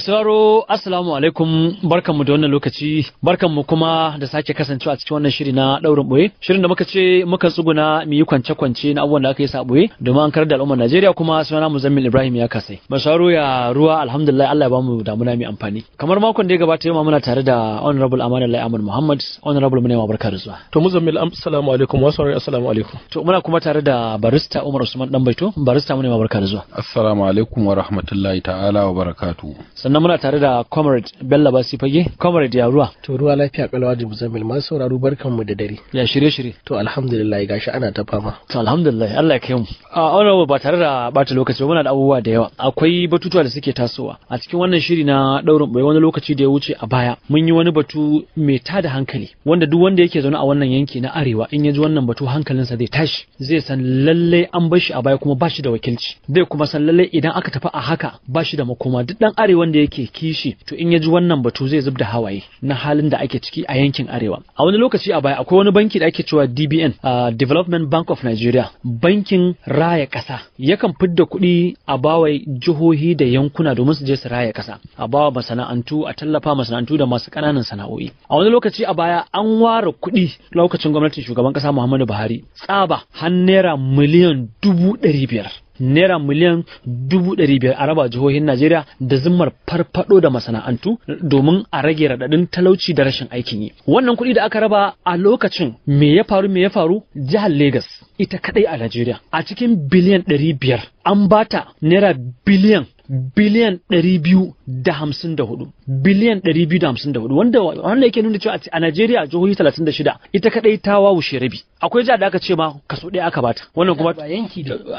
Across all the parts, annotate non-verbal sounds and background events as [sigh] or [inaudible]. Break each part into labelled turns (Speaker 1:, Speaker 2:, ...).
Speaker 1: Mai sauraro Assalamu alaikum barkanmu da wannan lokaci barkanmu kuma da sake kasancewa a cikin wannan shiri na daurin boye shirin da muka ce muka tsuguna mu yi kwance kwance na abubuwan da aka yi sa boye domin an karar da al'ummar Najeriya kuma sunana Muzammil Ibrahim ya kasai mai sauraro ya ruwa alhamdulillah Allah ya bamu damuna mai amfani kamar makon da ya gabata yau muna tare da Honorable Amana Lai Ahmad Muhammad Honorable Munaiwa barka da zuwa to Muzammil assalamu alaikum wa sauraro assalamu alaikum to muna kuma tare da barista Umar Usman Danbaito barista Munaiwa barka da zuwa assalamu alaikum wa rahmatullahi ta'ala wa barakatuh
Speaker 2: sannan muna tare da comrade bello basi fage comrade ya ruwa to ruwa lafiya kalwa da muzammil masu sauraro barkan mu da dare ya shirye shirye to alhamdulillah gashi ana ta fama to alhamdulillah Allah ya kai mu
Speaker 1: a wannan ba tare da bata lokaci ba muna da abubuwa da yawa akwai batutuwa da suke tasowa a cikin wannan shiri na daurin bai wani lokaci da ya wuce a baya mun yi wani batu mai tada hankali wanda duk wanda yake zaune a wannan yanki na arewa in ya ji wannan batu hankalinsa zai tashi zai san lallai an bar shi a baya kuma ba shi da wakilci zai kuma san lallai idan aka tafi a haka ba da makoma duk dan arewa da da yake kishi to in ya ji wannan batu zai zubda hawaye na halin da ake ciki a yankin arewa a wani lokaci a baya akwai wani banki da ake cewa DBN uh, Development Bank of Nigeria bankin raya kasa yakan fidda kuɗi a bawa jihohi da yankuna domin su je su raya kasa a bawa masana'antu a tallafa masana'antu da masu ƙananan sana'o'i a wani lokaci a baya an ware kuɗi lokacin gwamnatin shugaban kasa Muhammadu Buhari tsaba har naira miliyan dubu ɗari biyar naira miliyan dubu ɗari biyar a raba jihohin najeriya da zimmar farfaɗo da masana'antu domin a rage raɗaɗin talauci da rashin aikin yi wannan kuɗi da aka raba a lokacin me ya faru me ya faru jihar Legas ita kadai a Najeriya a cikin biliyan ɗari biyar an bata naira biliyan biliyan ɗari biyu da hamsin da hudu biliyan ɗari biyu da hamsin da hudu wanda wanda yake nuna cewa a Najeriya jihohi talatin da shida ita kaɗai ta wawushe rabi akwai jihar da aka ce ma kaso ɗaya aka bata wannan kuma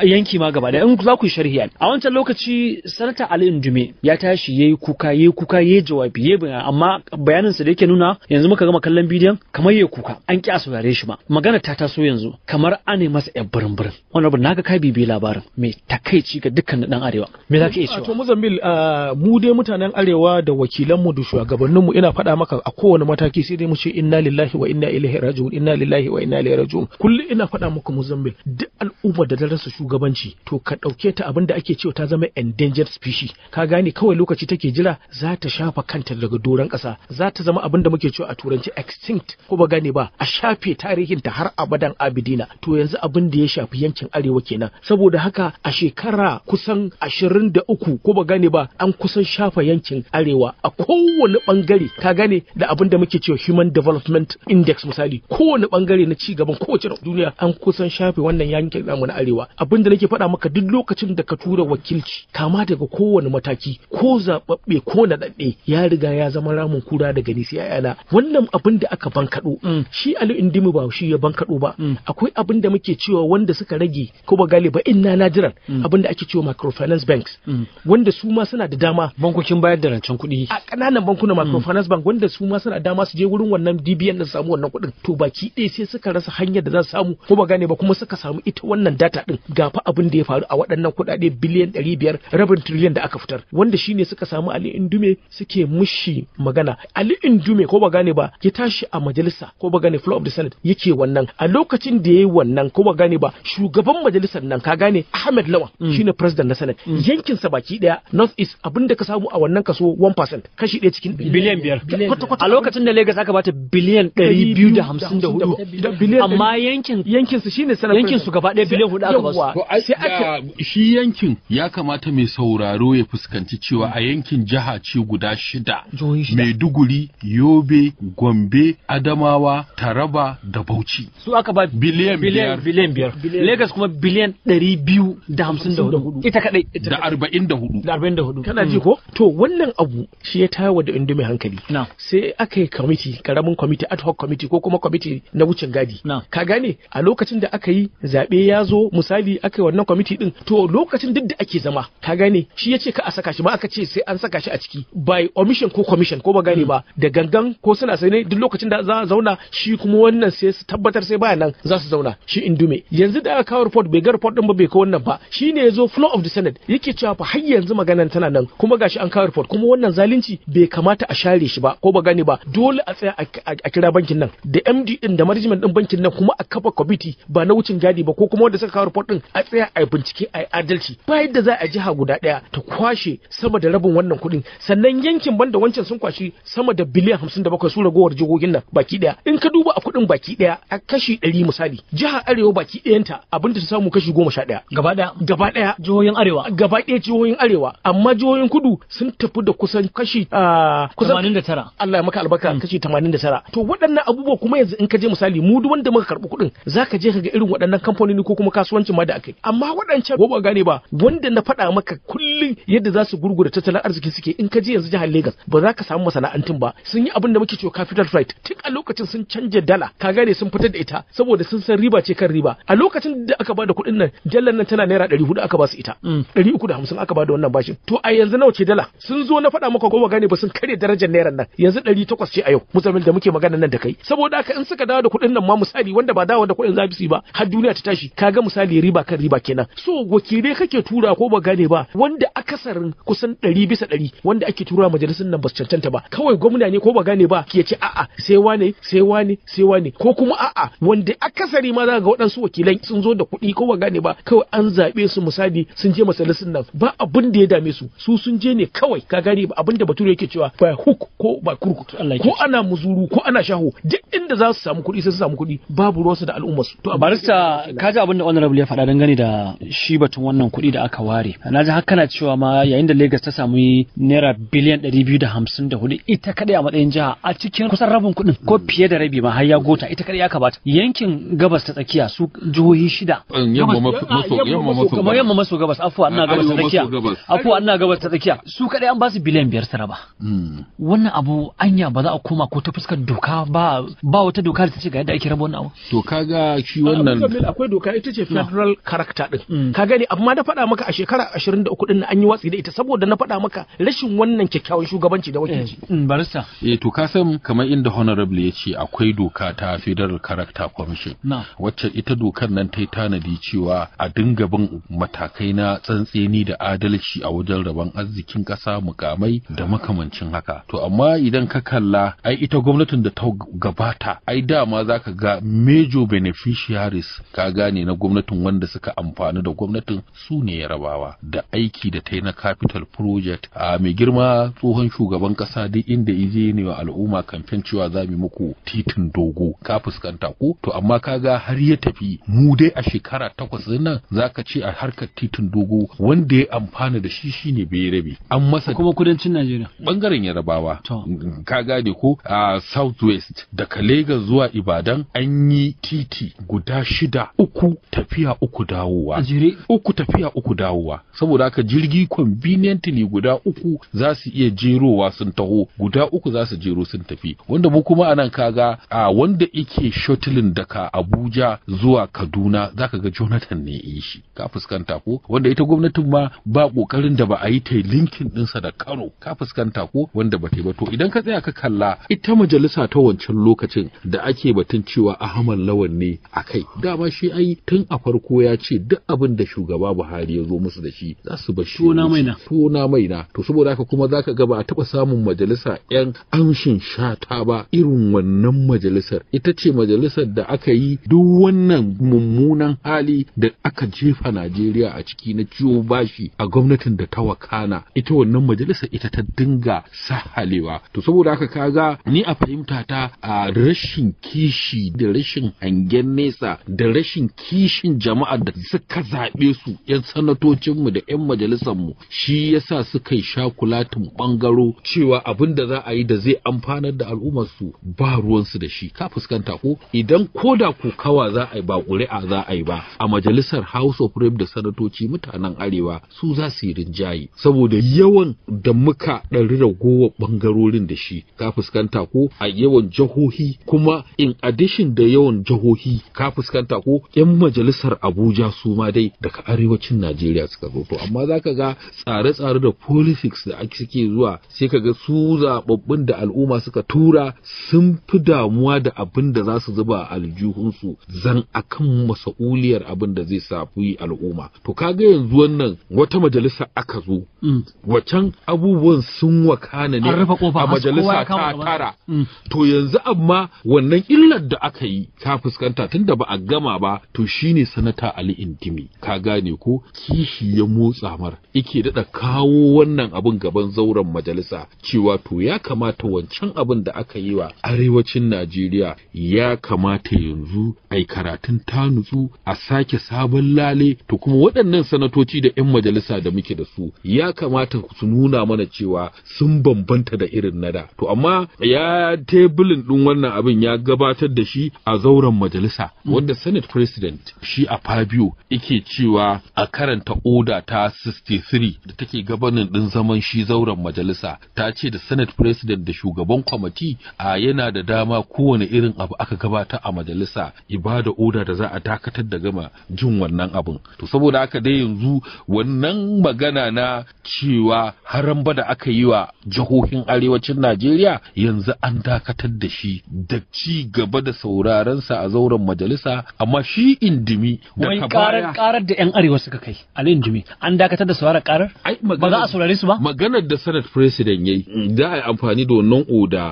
Speaker 1: yanki ma gaba ɗaya in za ku yi sharhi a wancan lokaci sanata Ali Indume ya tashi yayi kuka yayi kuka yayi jawabi yayi bayani amma bayanin sa da yake nuna yanzu muka gama kallon bidiyon kamar yayi kuka an ki a saurare shi ma magana ta taso yanzu kamar ane masa 'yan birin birin wannan abu naga kai bibi labarin mai takaici ga dukkan dan arewa
Speaker 3: me za ka iya cewa to Mozambil ah, mu dai mutanen arewa da wakilanmu da shugabanninmu ina faɗa maka a kowane mataki sai dai mu ce inna lillahi wa inna ilaihi raji'un inna lillahi wa inna ilaihi raji'un kullum ina faɗa muku muzambil duk al'ummar da ta rasa shugabanci to ka ɗauke ta abin da ake cewa ta zama endangered species ka gane kawai lokaci take jira za ta shafa kanta daga doron ƙasa za ta zama abin da muke cewa a turanci extinct ko ba gane ba a shafe tarihin ta har abadan abidina to yanzu abin da ya shafi yankin arewa kenan saboda haka a shekara kusan ashirin da uku ko ba gane ba an kusan shafa yankin arewa a kowane bangare ka gane da abin da muke cewa human development index misali kowane bangare na ci gaban kowace duniya an kusan shafe wannan yankin namu na arewa abinda nake faɗa maka duk lokacin da ka tura wakilci kama daga kowane mataki ko zaɓaɓɓe ko naɗaɗɗe ya riga ya zama ramin kura daga nisi yana wannan abin da aka bankaɗo mm. shi Ali Indimi ba shi ya bankaɗo ba mm. akwai abin da muke cewa wanda suka rage ko ba galiba inna najiran mm. abin da ake cewa microfinance banks wanda su ma suna da dama bankokin bayar da rancen kuɗi a ƙananan bankuna microfinance bank wanda su ma suna dama su je wurin wannan DBN da samu wannan kuɗin to baki ɗaya sai suka rasa hanyar da za su samu ko ba gane ba kuma suka samu ita wannan data din gafa abin da ya faru a waɗannan kuɗaɗe biliyan ɗari biyar rabin triliyan da aka fitar wanda shi ne suka samu Ali Indume suke mushi magana Ali Indume ko ba gane ba ya tashi a majalisa ko ba gane floor of the senate yake wannan a lokacin da yayi wannan ko ba gane ba shugaban majalisar nan ka gane Ahmed Lawan mm. shine president na senate mm. yankin sa baki daya north east abin da ka samu a wannan kaso 1% kashi ɗaya cikin biliyan biyar a lokacin da Lagos aka bata biliyan 254 amma amma yankin yankin su shine
Speaker 1: sanar yankin su gaba ɗaya biliyan hudu aka basu to sai aka
Speaker 4: shi yankin ya kamata mai sauraro ya fuskanci cewa a yankin jiha ce guda shida Maiduguri Yobe Gombe Adamawa Taraba da Bauchi su aka ba biliyan biyar biliyan
Speaker 1: biyar Lagos kuma biliyan ɗari biyu
Speaker 3: da hamsin da hudu
Speaker 1: ita kadai da arba'in da hudu da arba'in da hudu kana ji hmm.
Speaker 3: ko to wannan abu shi ya tayar da mai hankali sai aka yi kwamiti karamin kwamiti ad hoc kwamiti ko kuma kwamiti na wucin gadi ka gane a lokacin da aka yi zaɓe ya zo misali aka yi wannan kwamiti din to lokacin duk da ake zama ka gane shi ya ce ka a saka shi ba aka ce sai an saka shi a ciki by omission ko commission ko ba gane ba da gangan ko suna sai ne duk lokacin da za a zauna shi kuma wannan sai su tabbatar sai baya nan za su zauna shi indume yanzu da aka kawo report bai ga report din ba bai kawo wannan ba shi ne ya zo floor of the senate yake cewa fa har yanzu maganan tana nan kuma gashi an kawo report kuma wannan zalunci bai kamata a share shi ba ko ba gane ba dole a tsaya a kira bankin nan da md din da management din bankin nan kuma a kafa kwamiti ba na wucin gadi ba ko kuma wanda suka kawo report din a tsaya a bincike a adalci ba yadda za a jiha guda daya ta kwashe sama da rabin wannan kuɗin sannan yankin banda wancan sun kwashi sama da biliyan hamsin da bakwai su ragowar jihohin nan baki daya in ka duba a kuɗin baki daya a kashi ɗari misali jiha arewa baki ɗayanta abinda ta samu kashi goma sha ɗaya gaba daya gaba daya jihohin arewa gaba daya jihohin arewa amma jihohin kudu sun tafi da kusan kashi ah, kusan 89 Allah ya maka albarka mm. kashi 89 to waɗannan abubuwa kuma yanzu in ka je misali mu duk wanda ka karɓi kuɗin ka je ka ga irin waɗannan kamfanoni ko kuma kasuwancin ma da akai amma waɗancan ko ba gane ba wanda na faɗa maka kullum yadda za su gurgura tattalin arziki suke in ka je yanzu jihar Legas, ba za ka samu masana'antun ba sun yi abin da muke cewa capital flight tun a lokacin sun canja dala ka gane sun fitar da ita saboda sun san riba ce kan riba a lokacin da aka bada kuɗin nan dalar nan tana naira ɗari hudu aka ba su ita mm. ɗari uku da hamsin aka bada wannan bashin to a yanzu nawa ce dala sun zo na faɗa maka ko ba gane ba sun karya darajar naira nan yanzu ɗari ce a yau musamman da muke magana nan da kai saboda haka in suka dawo da kuɗin nan ma misali wanda ba dawa da kuɗin zafi ba har duniya ta tashi kaga misali riba kan riba kenan so wakilai kake tura ko ba gane ba wanda akasarin kusan ɗari bisa ɗari wanda ake tura majalisun nan ba su cancanta ba kawai gwamna ne ko ba gane ba Ke ce a'a sai wane sai wane sai wane ko kuma a'a wanda akasari ma za ga waɗansu wakilai sun zo da kuɗi ko ba gane ba kawai an zaɓe su misali sun je majalisun nan ba abin da ya dame su su sun je ne kawai ka gane ba abin da bature yake cewa ba hook ko ba kurkutu ko ana muzuru ko ana shaho duk inda za su samu kuɗi sai su samu kuɗi babu ruwansu da al'ummarsu. To barista
Speaker 1: ka ji abin da honorable ya faɗa dangane da shi batun wannan kuɗi da aka ware. Na ji har kana cewa ma yayin da Lagos ta samu naira biliyan ɗari biyu da hamsin da hudu ita kaɗai a matsayin jiha a cikin kusan rabin kuɗin ko mm. fiye da rabi ma har ya gota ita kaɗai ya kabata. Yankin gabas ta tsakiya su jihohi shida. Yamma maso gabas afuwa ina gabas ta tsakiya. Afuwa ina gabas ta tsakiya su kaɗai an ba su biliyan biyar su raba. Mm. Wannan abu anya ba za a koma ko ta
Speaker 3: fuskar doka ba ba wata doka da ta ce ga yadda ake raba wannan abu.
Speaker 1: to kaga shi wannan akwai
Speaker 3: doka ita ce federal character din mm. ka gani amma na faɗa maka a shekara 23 din an yi watsi da ita saboda na faɗa maka rashin wannan kyakkyawan shugabanci da wakilci
Speaker 4: eh. mm, barista eh to ka san kamar inda honorable ya ce akwai doka ta federal character commission wacce ita dokar nan ta yi tanadi cewa a dinga bin matakai na tsantseni da adalci a wajen rabon arzikin kasa mukamai da makamancin haka to amma idan ka kalla ai ita gwamnatin da ta gabata ai dama zaka ga major beneficiaries ka gane na gwamnatin wanda suka amfani da gwamnatin su ne yarabawa da aiki da ta yi na capital project a mai girma tsohon shugaban kasa duk inda ije ne wa al'umma kamfen cewa za mu muku titin dogo ka fuskanta ko to amma ka ga har ya tafi mu dai a shekara takwas nan za ka ce a harkar titin dogo wanda ya amfana da shi shine bai rabe an masa kuma kudancin Najeriya bangaren yarabawa ka gane ko a South West daga Lagos zuwa Ibadan an yi titi guda shida uku tafiya uku dawowa uku tafiya uku dawowa saboda haka jirgi conveniently guda uku za su iya jerowa sun taho guda uku za su jero sun tafi wanda mu kuma anan kaga a wanda yake shuttling daga Abuja zuwa Kaduna zaka ga Jonathan ne yi shi ka fuskanta ko wanda ita gwamnatin ma ba kokarin da ba a yi ta linkin dinsa da Kano ka fuskanta ko wanda ba ta ba to idan ka tsaya ka kalla ita majalisa ta wancan lokacin da ake batun cewa a Muhammad Lawan ne a kai dama shi ai tun a farko ya ce duk abin da shugaba Buhari ya zo musu da shi za su bashi tona maina tona maina to saboda haka kuma zaka ga ba a taba samun majalisa yan amshin shata ba irin wannan majalisar ita ce majalisar da aka yi duk wannan mummunan hali da aka jefa Najeriya a ciki na ciwo bashi a gwamnatin da ta wakana ita wannan majalisar ita ta dinga sahalewa to saboda haka ga ni a fahimta ta a rashin kishi da rashin hangen nesa da rashin kishin jama'a da suka zaɓe su 'yan sanatocinmu da 'yan majalisarmu shi yasa suka yi shakulatin ɓangaro cewa abin da za a yi da zai amfanar da al'ummarsu ba ruwansu da shi ka fuskanta ko idan koda kokawa za a yi ba ƙuri'a za a yi ba a majalisar house of rep da sanatoci mutanen arewa su za su yi rinjaye saboda yawan da muka ɗari ragowa ɓangarorin da shi ka fuskanta ko a yawan jihohi kuma in addition da yawan jihohi ka fuskanta ko yan majalisar Abuja su ma dai daga arewacin Najeriya suka zo to amma zaka ga tsare-tsare da politics da ake suke zuwa sai ka ga su zababbin da al'umma suka tura sun fi damuwa da abin da za su zuba aljihunsu zan akan masauliyar abin da zai safi al'umma to kaga yanzu wannan wata majalisa aka zo mm. wacan abubuwan sun wakana ne a majalisa ta tara mm. to yanzu amma wannan illar da aka yi Ka fuskanta tun da ba a gama ba to shine sanata Ali Indimi ka gane ko kishi ya motsa mar ike dada kawo wannan abin gaban zauren majalisa cewa to ya kamata wancan abin da aka yi wa arewacin Najeriya ya kamata yanzu ai karatun ta nutsu a sake sabon lale to kuma waɗannan sanatoci da 'yan majalisa da muke da su ya kamata su nuna mana cewa sun bambanta da irin nada to amma ya tebulin ɗin wannan abin ya gabatar da shi a a zauren majalisa wanda senate president shi a fabio yake cewa a karanta oda ta 63 da take gabanin din zaman shi zauren majalisa ta ce da senate president da shugaban kwamiti a yana da dama kowane irin abu aka gabata a majalisa ibada oda da za a dakatar da gama jin wannan abin to saboda haka dai yanzu wannan magana na cewa haramba da aka yi wa jihohin arewacin najeriya yanzu an dakatar da shi da ci gaba da saura kirarensa a zauren majalisa amma shi indimi da karar karar
Speaker 1: da yan arewa suka kai ali indimi an dakatar da saurara karar ba za a saurare
Speaker 4: su ba maganar da senate president yayi da mm. ai amfani da wannan oda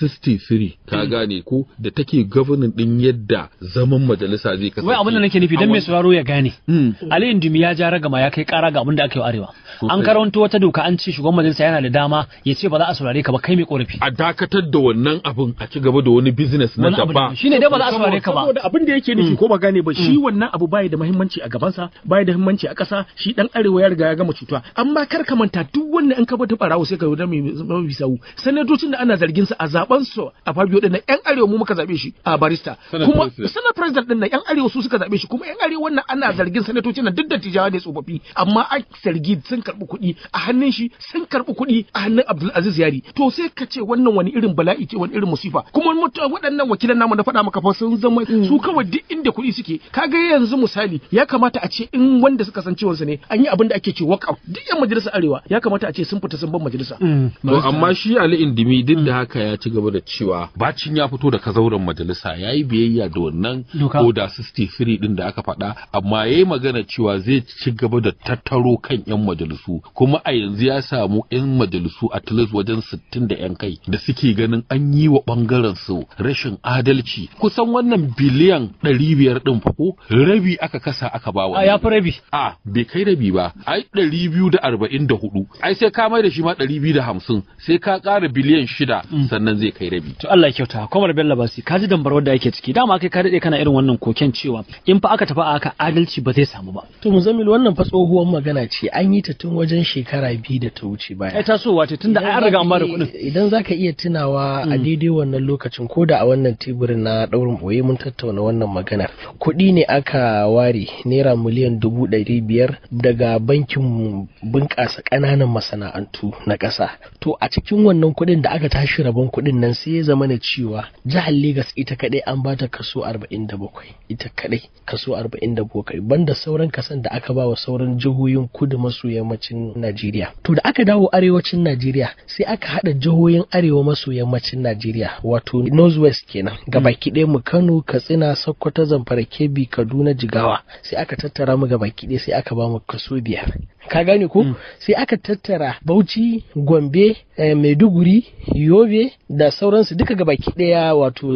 Speaker 4: 63 ka mm. gane ko da take governing din yadda zaman majalisa zai kasance wai abin da nake nufi dan mai
Speaker 1: sauraro ya gane mm. ali indimi ya ja ragama ya kai kara ga abin da aka yi arewa an karanto wata doka an ce shugaban majalisa yana da dama ya ce ba za a saurare ka ba kai mai korafi a dakatar da wannan abin a ci
Speaker 4: gaba da wani business na gaba shine da ba za a saurare ka ba saboda abin da yake nufi mm. ko
Speaker 3: ba gane ba shi mm. wannan abu bai da muhimmanci a gabansa bai da muhimmanci a ƙasa shi dan arewa ya riga ya gama cutuwa amma kar ka manta duk wanda an kaba ta barawo sai ka da mai bisawu sanadocin da ana zargin sa a zaben su a Fabio din yan arewa mu muka zabe shi a barista kuma sanar president din yan arewa su suka zabe shi kuma yan arewa wannan ana zargin sanadocin na duk da tijawa ne tsofaffi amma a sargi sun karbi kuɗi a hannun shi sun karbi kuɗi a hannun Abdul Aziz Yari to sai ka ce wannan wani irin bala'i ce wani irin musifa kuma waɗannan wakilan namu na faɗa maka fa sun zama mm. su kawai duk inda kuɗi suke kaga yanzu misali ya kamata a ce in wanda suka san ciwon ne an yi abin da ake ce waka duk yan majalisar arewa ya kamata a ce sun fita sun ban majalisa mm. to amma
Speaker 4: shi Ali Indimi duk da mm. haka ya ci gaba da cewa bacin ya fito da kazauren majalisa yayi biyayya da wannan oda 63 din da aka faɗa amma yayi magana cewa zai ci gaba da tattaro kan yan majalisu kuma a yanzu ya samu yan majalisu a tulus wajen 60 da yan kai da suke ganin an yi wa bangaren su rashin adalci kusa kusan wannan biliyan ɗari biyar ɗin fa ko rabi aka kasa aka ba wa. Ya fi rabi. A bai kai rabi ba. Ai ɗari biyu da arba'in da hudu. Ai sai ka mai da shi ma ɗari biyu da hamsin sai ka ƙara biliyan shida mm. sannan zai kai rabi.
Speaker 1: To Allah kyauta Kwamar Bello Basi ka ji dambar wadda ake ciki dama kai ka daɗe kana irin wannan koken cewa in fa aka tafi a haka
Speaker 2: adalci ba zai samu ba. To Muzammil wannan fa tsohuwar magana ce an yi ta tun wajen shekara biyu da ta wuce baya. Ai
Speaker 1: tasowa ce tunda an riga an ba da kuɗin.
Speaker 2: Idan zaka iya tunawa a mm. daidai wannan lokacin ko da a wannan teburin na ɗaura daurin boye mun tattauna wannan maganar kuɗi ne aka ware naira miliyan dubu ɗari biyar daga bankin bunƙasa ƙananan masana'antu na ƙasa to a cikin wannan kuɗin da aka tashi rabon kuɗin nan sai ya zama na cewa jihar Legas ita kaɗai an ba ta kaso arba'in da bakwai ita kaɗai kaso arba'in da bakwai banda sauran kasan da aka ba wa sauran jihohin kudu maso yammacin Najeriya to da aka dawo arewacin Najeriya sai aka haɗa jihohin arewa maso yammacin Najeriya wato northwest kenan gabaki ɗaya mu Kano Katsina Sokoto Zamfara Kebbi Kaduna Jigawa sai aka tattara mu gaba ɗaya sai aka ba mu kaso biyar ka gane ko mm. sai aka tattara Bauchi Gombe eh, Maiduguri Yobe da sauransu duka gabaki ɗaya wato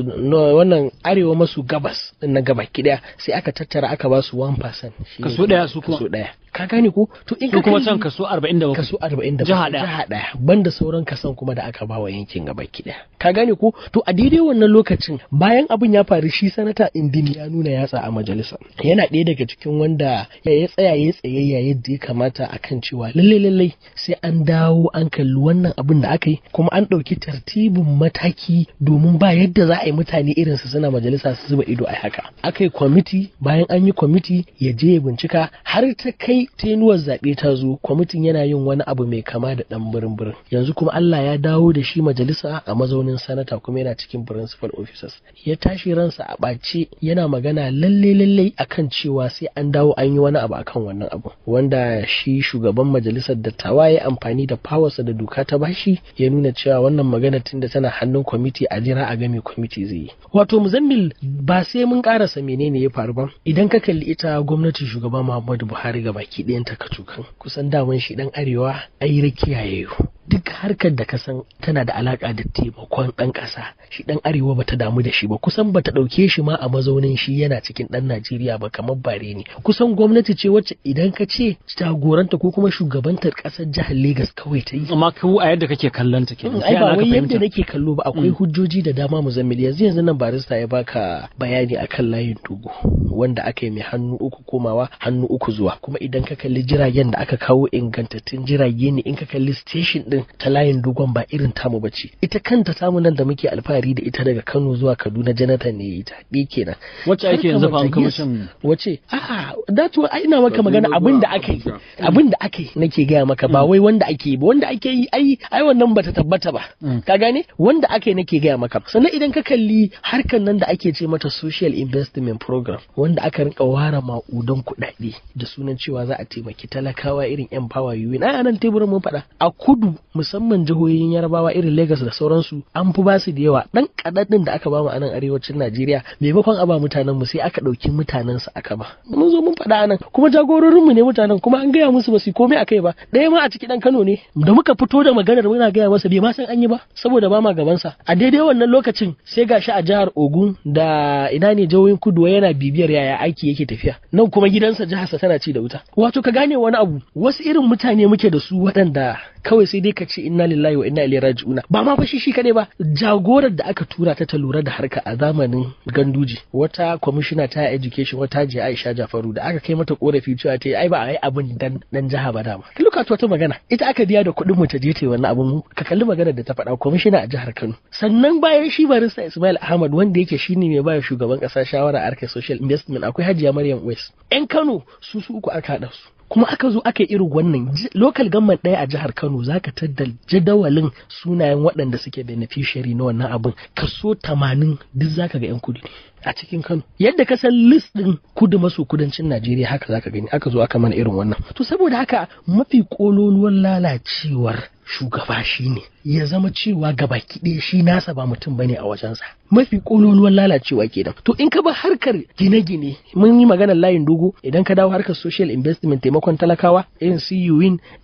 Speaker 2: wannan arewa masu gabas na gabaki ɗaya sai aka tattara aka ba su 1% kaso ɗaya su kuma kaso ɗaya ka gane ko to in ka kuma can kaso 47 kaso 47 jiha daya jiha daya banda sauran kasan kuma da aka bawa yankin gaba daya ka gane ko to a daidai wannan lokacin bayan abin ya faru shi sanata indin ya nuna yatsa a majalisa yana ɗaya daga cikin wanda ya tsaya ya tsayayya yadda ya kamata akan cewa lalle lalle sai an dawo an kalli wannan abin da aka yi kuma an ɗauki tartibin mataki domin ba yadda za a yi mutane irin su suna majalisa su zuba ido a haka aka yi kwamiti bayan an yi kwamiti ya je ya bincika har ta kai ai tenuwar zaɓe ta zo kwamitin yana yin wani abu mai kama da ɗan birin-birin yanzu kuma Allah ya dawo da shi majalisa a mazaunin sanata kuma yana cikin principal officers ya tashi ransa a ɓace yana magana lalle lalle akan cewa sai an dawo an yi wani abu akan wannan abu wanda shi shugaban majalisar da dattawa ya amfani da fawarsa da doka ta bashi ya nuna cewa wannan magana tunda tana hannun kwamiti a jira a game kwamiti zai yi wato muzammil ba sai mun ƙarasa menene ya faru ba idan ka kalli ita gwamnati shugaba Muhammadu Buhari gaba baki ɗayanta ka cokan kusan daman shi ɗan arewa ai rakiya yayo duk harkar da ka san tana da alaka da taimakon ɗan ƙasa shi ɗan arewa bata damu da shi ba kusan bata ɗauke shi ma a mazaunin shi yana cikin ɗan najeriya ba kamar bare ne kusan gwamnati ce wacce idan ka ce jagoranta ko kuma shugabantar ƙasar jihar Legas
Speaker 1: kawai ta yi amma ku a yadda kake kallon ta kenan mm, ai ba wai yadda
Speaker 2: nake kallo ba akwai mm. hujjoji da dama mu muzammil yanzu yanzu nan barista ya baka bayani akan layin dogo wanda aka yi mai hannu uku komawa hannu uku zuwa kuma idan idan ka kalli jiragen da aka kawo ingantattun jirage ne in ka kalli station din ta layin dogon ba irin tamu ba ce. ita kanta tamu nan da muke alfahari da ita daga Kano zuwa Kaduna Jonathan ne ita bi kenan wacce ake yanzu fa an kamashin wacce a'a that ai ina maka magana abin da aka yi abin da aka yi nake gaya maka ba wai wanda ake yi ba wanda ake yi ai ai wannan bata tabbata ba mm. ka gane wanda aka yi nake gaya maka sannan idan ka kalli harkan nan da ake ce mata social investment program wanda aka rinka ware ma'udan kuɗaɗe da sunan cewa za a taimaki talakawa irin yan fawa yuwi na nan teburin mun faɗa a kudu musamman jihohin yarabawa irin Legas da sauransu an fi basu da yawa dan kadadin da aka ba mu a nan arewacin Najeriya maimakon a ba mutanen mu sai aka ɗauki mutanen su aka ba mun zo mun faɗa anan. kuma jagororin mu ne mutanen kuma an gaya musu ba su komai kai ba ɗaya ma a ciki dan Kano ne da muka fito da maganar muna gaya masa bai ma san an yi ba saboda ba ma gabansa a daidai wannan lokacin sai gashi a jihar Ogun da ina ne jihohin kudu yana bibiyar yaya aiki yake tafiya nan kuma gidansa jihar sa tana ci da wuta wato ka gane wani abu wasu irin mutane muke da su waɗanda kawai sai dai ka ce inna lillahi wa inna ilaihi raji'un ba ma fa shi shi kadai ba jagorar da aka tura ta ta lura da harka a zamanin ganduji wata kwamishina ta education wata je Aisha Jafaru da aka kai mata korafi cewa ta ai ba a yi abin dan dan jaha ba dama luka wata magana ita aka biya da kuɗin mu ta je ta wannan abun ka kalli maganar da ta faɗa kwamishina a jihar Kano sannan bayan shi barista Ismail Ahmad wanda yake shine mai bayar shugaban kasa shawara a harkar social investment akwai Hajiya Maryam West 'yan Kano su su uku aka haɗa su kuma aka zo aka yi irin wannan local government ɗaya a jihar Kano zaka tadda jadawalin sunayen waɗanda suke beneficiary na wannan abin kaso tamanin duk zaka ga 'yan kudu a cikin Kano yadda ka san list ɗin kudu maso kudancin Najeriya haka zaka gani aka zo aka mana irin wannan to saboda haka mafi kololuwan lalacewar shugaba shi ne ya zama cewa gaba ɗaya shi nasa ba mutum bane a wajensa mafi ƙololuwan lalacewa ke kenan to in ka bar harkar gine-gine mun yi maganar layin dogo idan ka dawo harkar social investment taimakon talakawa irin su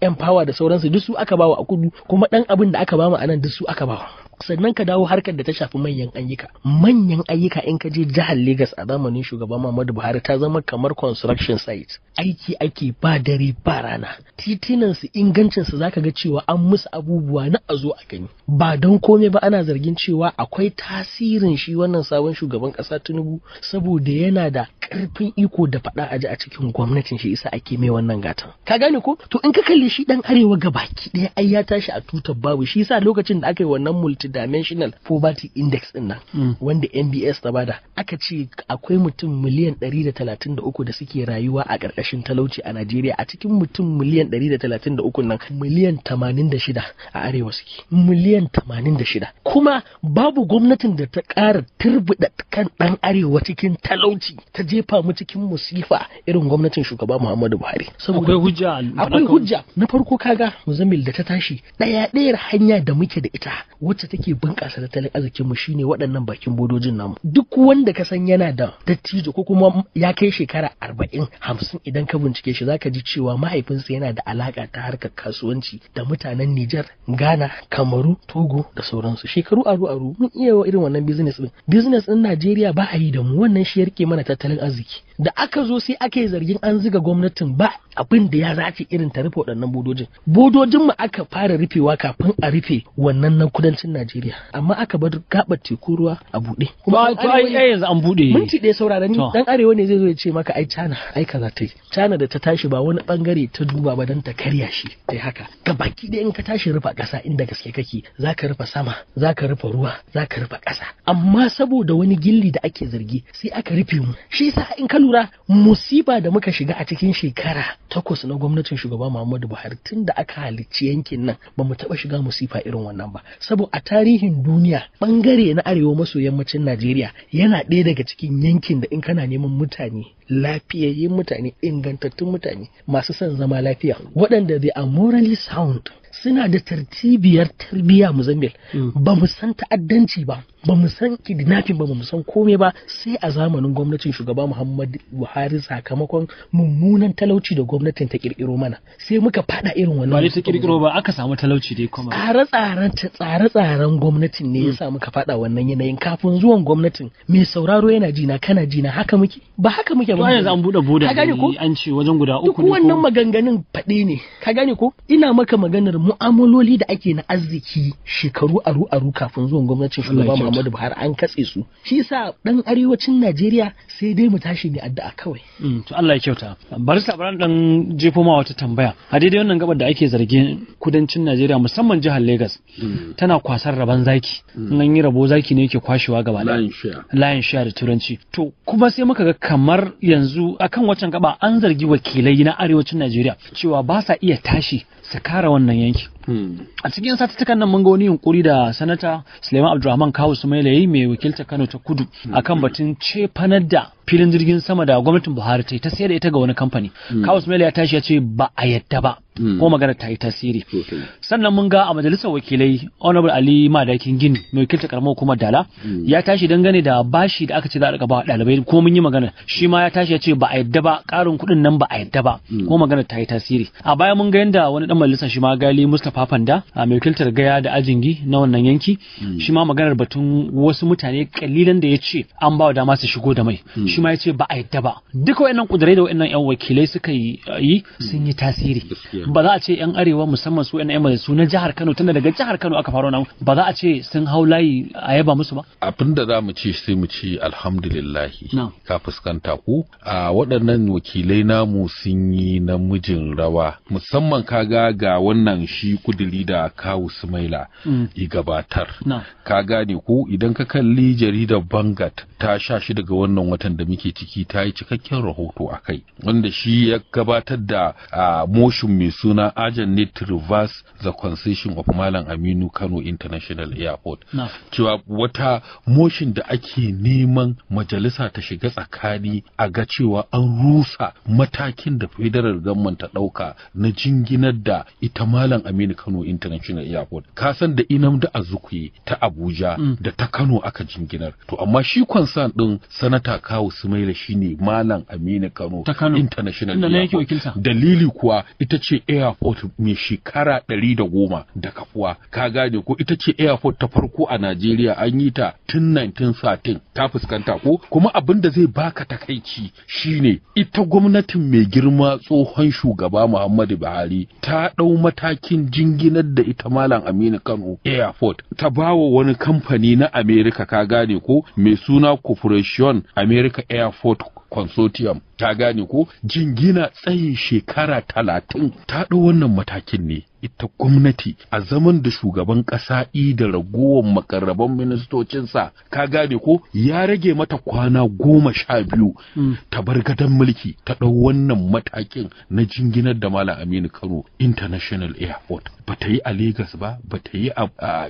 Speaker 2: empower da sauransu dusu su aka bawa a kudu kuma ɗan abin da aka bamu a nan duk su aka bawa sannan ka dawo harkar da ta shafi manyan ayyuka manyan ayyuka in ka je jihar Legas a zamanin shugaban Muhammadu Buhari ta zama kamar construction site aiki ake ba dare ba rana titinan su ingancin su zaka ga cewa an musu abubuwa na a zo a gani ba don komai ba ana zargin cewa akwai tasirin shi wannan sabon shugaban kasa Tinubu saboda yana da karfin iko da faɗa a ji a cikin gwamnatin shi isa ake mai wannan gatan ka gane ko to in ka kalli shi dan arewa gabaki ɗaya ai ya tashi a tutar babu shi yasa lokacin da aka yi wannan multi multidimensional poverty index din nan hmm. wanda NBS ta bada aka ce akwai mutum miliyan 133 da suke rayuwa a ƙarƙashin talauci a Najeriya a cikin mutum miliyan 133 nan miliyan 86 a arewa suke miliyan 86 kuma babu gwamnatin da ta ƙara turbuɗa kan ɗan arewa cikin talauci ta jefa mu cikin musifa irin gwamnatin shugaba Muhammadu Buhari saboda akwai hujja akwai hujja na farko kaga Muzamil da ta tashi ɗaya ɗayar hanya da muke da ita wacce take bunƙasa tattalin arzikinmu shine waɗannan bakin bodojin namu duk wanda ka san yana da dattijo ko kuma ya kai shekara arba'in hamsin idan ka bincike shi zaka ji cewa mahaifinsa yana da alaƙa ta harkar kasuwanci da mutanen Nijar, Ghana, Kamaru, Togo da sauransu shekaru aru aru mun iya wa irin wannan business din business ɗin Najeriya ba a yi da mu wannan shi yarke mana tattalin arziki da aka zo sai aka yi zargin an ziga gwamnatin ba abin da ya zaci irin ta rufe waɗannan bodojin bodojin mu aka fara rufewa kafin a rufe wannan na kudancin Najeriya Najeriya amma aka bar gabar teku ruwa a buɗe. Kuma to ai yanzu an buɗe. Minti ɗaya saurara ni dan arewa ne zai zo ya ce maka ai China ai kaza tai. China da ta tashi ba wani bangare ta duba ba dan ta karya shi tai haka. Ga baki ɗaya in ka tashi rufa ƙasa inda gaske kake zaka rufa sama zaka rufa ruwa zaka rufa ƙasa. Amma saboda wani gilli da ake zargi sai aka rufe mu. Shi sa in ka lura musiba da muka shiga a cikin shekara takwas na gwamnatin shugaba Muhammadu Buhari tun da aka halicci yankin nan ba mu taɓa shiga musifa irin wannan ba. Saboda tarihin duniya bangare na arewa maso yammacin Najeriya yana ɗaya daga cikin yankin da in kana neman mutane lafiyayyen mutane ingantattun mutane masu son zama lafiya waɗanda they a morally sound suna da tartibiyar mu muzammil mm. ba mu san ta'addanci ba ba mu san kidnapping ba mu san komai ba sai a zamanin gwamnatin shugaba Muhammad Buhari sakamakon mummunan talauci da gwamnatin ta kirkiro mana sai muka fada irin wannan ba ta kirkiro
Speaker 1: ba aka samu talauci dai kuma
Speaker 2: tsare tsaren tsare tsaren gwamnatin ne yasa muka fada wannan yanayin kafin zuwan gwamnatin mai sauraro yana jina kana jina haka muke ba haka muke ba yanzu an bude boda an ce wajen guda uku duk wannan maganganun fade ne ka gane ko ina maka maganar mu'amaloli da ake na arziki shekaru aru aru kafin zuwan gwamnatin shugaba Muhammadu Buhari an katse su shi yasa dan arewacin Najeriya sai dai mu tashi ne addu'a kawai mm, to Allah ya kyauta
Speaker 1: bari sabaran dan jefo ma wata tambaya a daidai wannan gabar da ake zargin kudancin Najeriya musamman jihar Lagos mm. tana kwasar raban zaki mm. nan yi rabo zaki ne yake kwashewa gaba layin sha da turanci to kuma sai muka ga kamar yanzu akan wacan gaba an zargi wakilai na arewacin Najeriya cewa ba sa iya tashi su kara wannan yankin hmm. a cikin satattukan nan mun ga wani yunkuri da sanata Suleiman Abdulrahman Kawu Sumaila yi mai wakilta Kano ta Kudu hmm. akan batun cefanar da filin jirgin sama da gwamnatin Buhari ta yi ta sayar da ita ga wani kamfani hmm. Kawu Sumaila ya tashi ya ce ba a yadda ba Hmm. ko magana ta yi tasiri sannan mun ga a majalisar wakilai honorable ali madakin gini mai wakilta karamar hukumar dala hmm. ya tashi dangane da bashi da aka ce za a rika ba ɗalibai ko mun yi magana shi ma ya tashi ya ce ba a yadda ba ƙarin kuɗin nan ba a yadda ba hmm. ko magana ta yi tasiri a baya mun ga yadda wani dan majalisa shi ma gali mustapha fanda a mai wakiltar gaya da ajingi na wannan yanki shi ma maganar batun wasu mutane ƙalilan da ya ce an ba dama su shigo da mai shi ma ya ce ba a yadda ba duka wayannan ƙudurai da waɗannan yan wakilai suka yi sun yi tasiri ba za a ce yan arewa musamman su yan arewa su na jihar Kano tunda daga jihar Kano aka faro na ba za a ce sun hau layi a yaba musu ba abin da za
Speaker 4: mu ce sai mu ce alhamdulillah ka fuskanta ku a waɗannan wakilai namu sun yi namijin rawa musamman kaga ga wannan shi kuduri da kawu sumaila i mm. gabatar ka gane ko idan ka kalli jaridar bangat ta sha shi daga wannan watan da muke ciki ta yi cikakken rahoto a kai wanda shi ya gabatar da motion mai suna urgent need to reverse the concession of Malam Aminu Kano International Airport. Cewa wata motion da ake neman majalisa ta shiga tsakani a ga cewa an rusa matakin da federal government ta ɗauka na jinginar da ita Malam Aminu Kano International Airport. Kasan da inam da azukwe ta Abuja mm. da ta Kano aka jinginar. To amma shi concern ɗin sanata Kawu Sumaila shine Malam Aminu Kano International Airport. Dalili kuwa ita ce airport mai shekara ɗari da goma da kafuwa ka gane ko ita ce airport ta farko a Najeriya an yi ta tun 1913 ta fuskanta ko kuma abin da zai baka takaici shine ita gwamnatin mai girma tsohon shugaba Muhammadu Buhari ta ɗau matakin jinginar da ita Malam Aminu Kano airport ta bawa wani kamfani na Amerika ka gane ko mai suna Corporation America Airport Consortium ta gane ko jingina tsayin shekara talatin ta ɗau wannan matakin ne ita gwamnati a zaman da shugaban ƙasa da ragowar makarraban ministocinsa ka gane ko ya rage mata kwana goma sha biyu hmm. ta bar gadon mulki ta ɗau wannan matakin na jinginar da Malam Aminu Kano International Airport ba ta yi a Legas ba ba ta yi a ta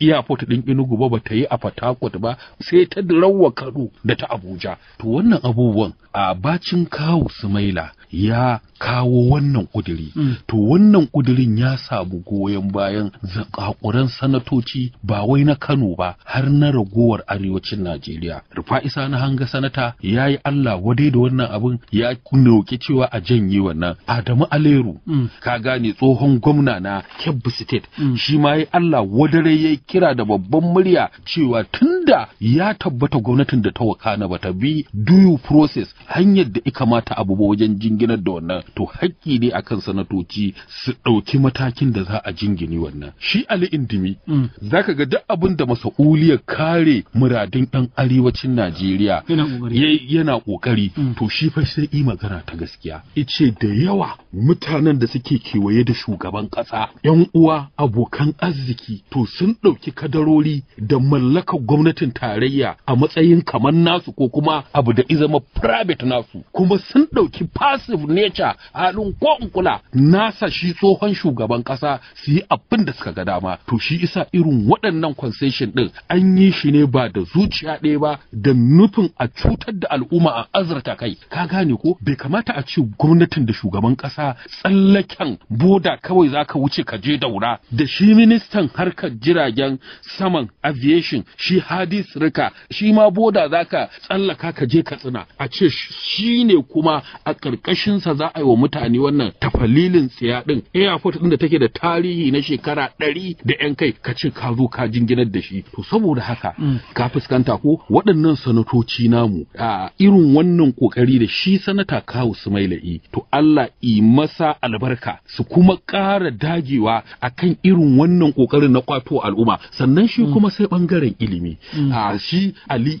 Speaker 4: airport ɗin inugu ba ba ta yi a Fatakwat ba sai ta rawa Kano da ta Abuja to wannan abubuwan a bacin kawo Sumaila ya kawo wannan ƙudiri mm. to wannan ƙudirin ya sabu goyon bayan zakakuran sanatoci ba wai na Kano ba har na ragowar arewacin Najeriya Rufa'isa na hanga sanata ya yi Allah wadai da wannan abin ya kunnoke cewa a janye wannan Adamu Aleru mm. ka gane tsohon gwamna na Kebbi State mm. shi ma ya Allah wadare ya kira da babban murya cewa tunda ya tabbata gwamnatin da ta wakana ta bi due process hanyar da ikamata kamata abu wajen jingi jinginar da wannan to haƙƙi ne akan sanatoci su ɗauki matakin da za a jingini wannan shi ali indimi mm. zaka ga duk abin da masa'uliyar kare muradin ɗan arewacin najeriya yana ƙoƙari mm. to shi fa sai yi magana ta gaskiya ice da yawa mutanen da suke kewaye da shugaban ƙasa yan uwa abokan arziki to sun ɗauki kadarori da mallakar gwamnatin tarayya a matsayin kamar nasu ko kuma abu da izama private nasu kuma sun ɗauki fas aggressive nature halin ko kula nasa shi tsohon shugaban kasa su yi abin da suka ga dama to shi isa irin waɗannan concession ɗin an yi shi ne ba da zuciya ɗaya ba da nufin a cutar da al'umma a azurta kai ka gane ko bai kamata a ce gwamnatin da shugaban kasa tsallaken boda kawai za ka wuce ka je daura da shi ministan harkar jiragen saman aviation shi hadis rika shi ma boda za ka tsallaka ka je ka tsina a ce shi ne kuma a ƙarƙashin sa za a yi wa mutane wannan tafalilin tsiya ɗin airport ɗin da take da tarihi na shekara ɗari da yan kai ka ce ka zo ka jinginar da shi to saboda haka mm. ka fuskanta ko waɗannan sanatoci namu a irin wannan ƙoƙari da shi sanata kawu la'i to Allah i masa albarka su kuma ƙara dagewa akan irin wannan ƙoƙarin na kwato al'umma sannan shi mm. kuma sai ɓangaren ilimi mm. a shi ali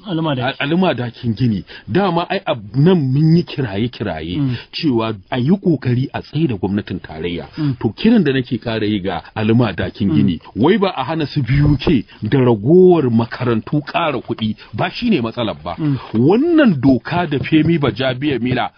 Speaker 4: alima dakin gini dama ai a nan mun yi kiraye kiraye cewa a yi kokari a tsaye da gwamnatin tarayya mm. to kiran da nake kara yi ga alima dakin mm. gini wai ba a hana su biyu ke da ragowar makarantu kara kuɗi ba shine matsalar ba mm. wannan doka da femi bajabiya mila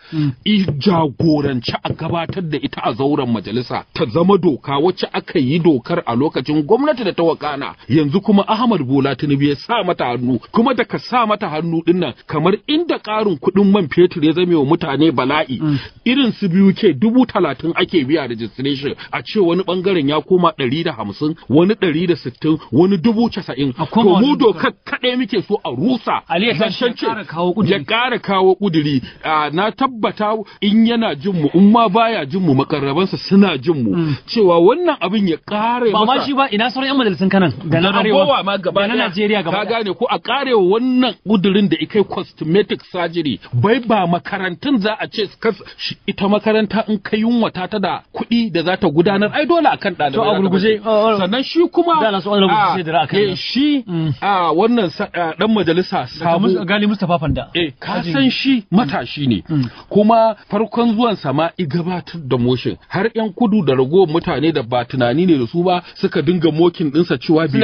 Speaker 4: i jagoranci a gabatar da ita a zauren majalisa ta zama doka wacce aka yi dokar a lokacin gwamnati da ta wakana yanzu kuma ahmad bola tinubu ya sa mata hannu kuma da ka sa mata hannu dinnan kamar inda ƙarin kuɗin man fetur ya zame wa mutane bala'i irin su biyu ke dubu talatin ake biya registration a ce wani bangaren ya koma ɗari da hamsin wani ɗari da sittin wani dubu casa'in to mu doka kaɗai muke so a rusa ya ƙara kawo ƙuduri na tabbata in yana jin mu in ma baya jin mu makarrabansa suna jin mu mm. cewa wannan abin ya
Speaker 1: ƙare masa ba ma shi ba ina sauran yan majalisun kanan da na arewa ma gaba da Najeriya gaba ka gane
Speaker 4: ko a ƙarewa wannan ƙudurin da ikai cosmetic surgery bai ba makarantun za a ce ita makaranta in ka yunwata ta da kuɗi da za ta gudanar ai dole akan ɗalibai. To a gurguje
Speaker 3: oh, oh. sannan shi kuma da su Allah eh, da
Speaker 4: shi mm. a wannan dan majalisa
Speaker 1: samu Gani Mustapha Fanda. Eh,
Speaker 4: ka san shi matashi ne mm. Mm. kuma farkon zuwan sama'i i gabatar da motion har ƴan kudu da rago mutane da ba tunani ne da su ba suka dinga mokin ɗinsa cewa bi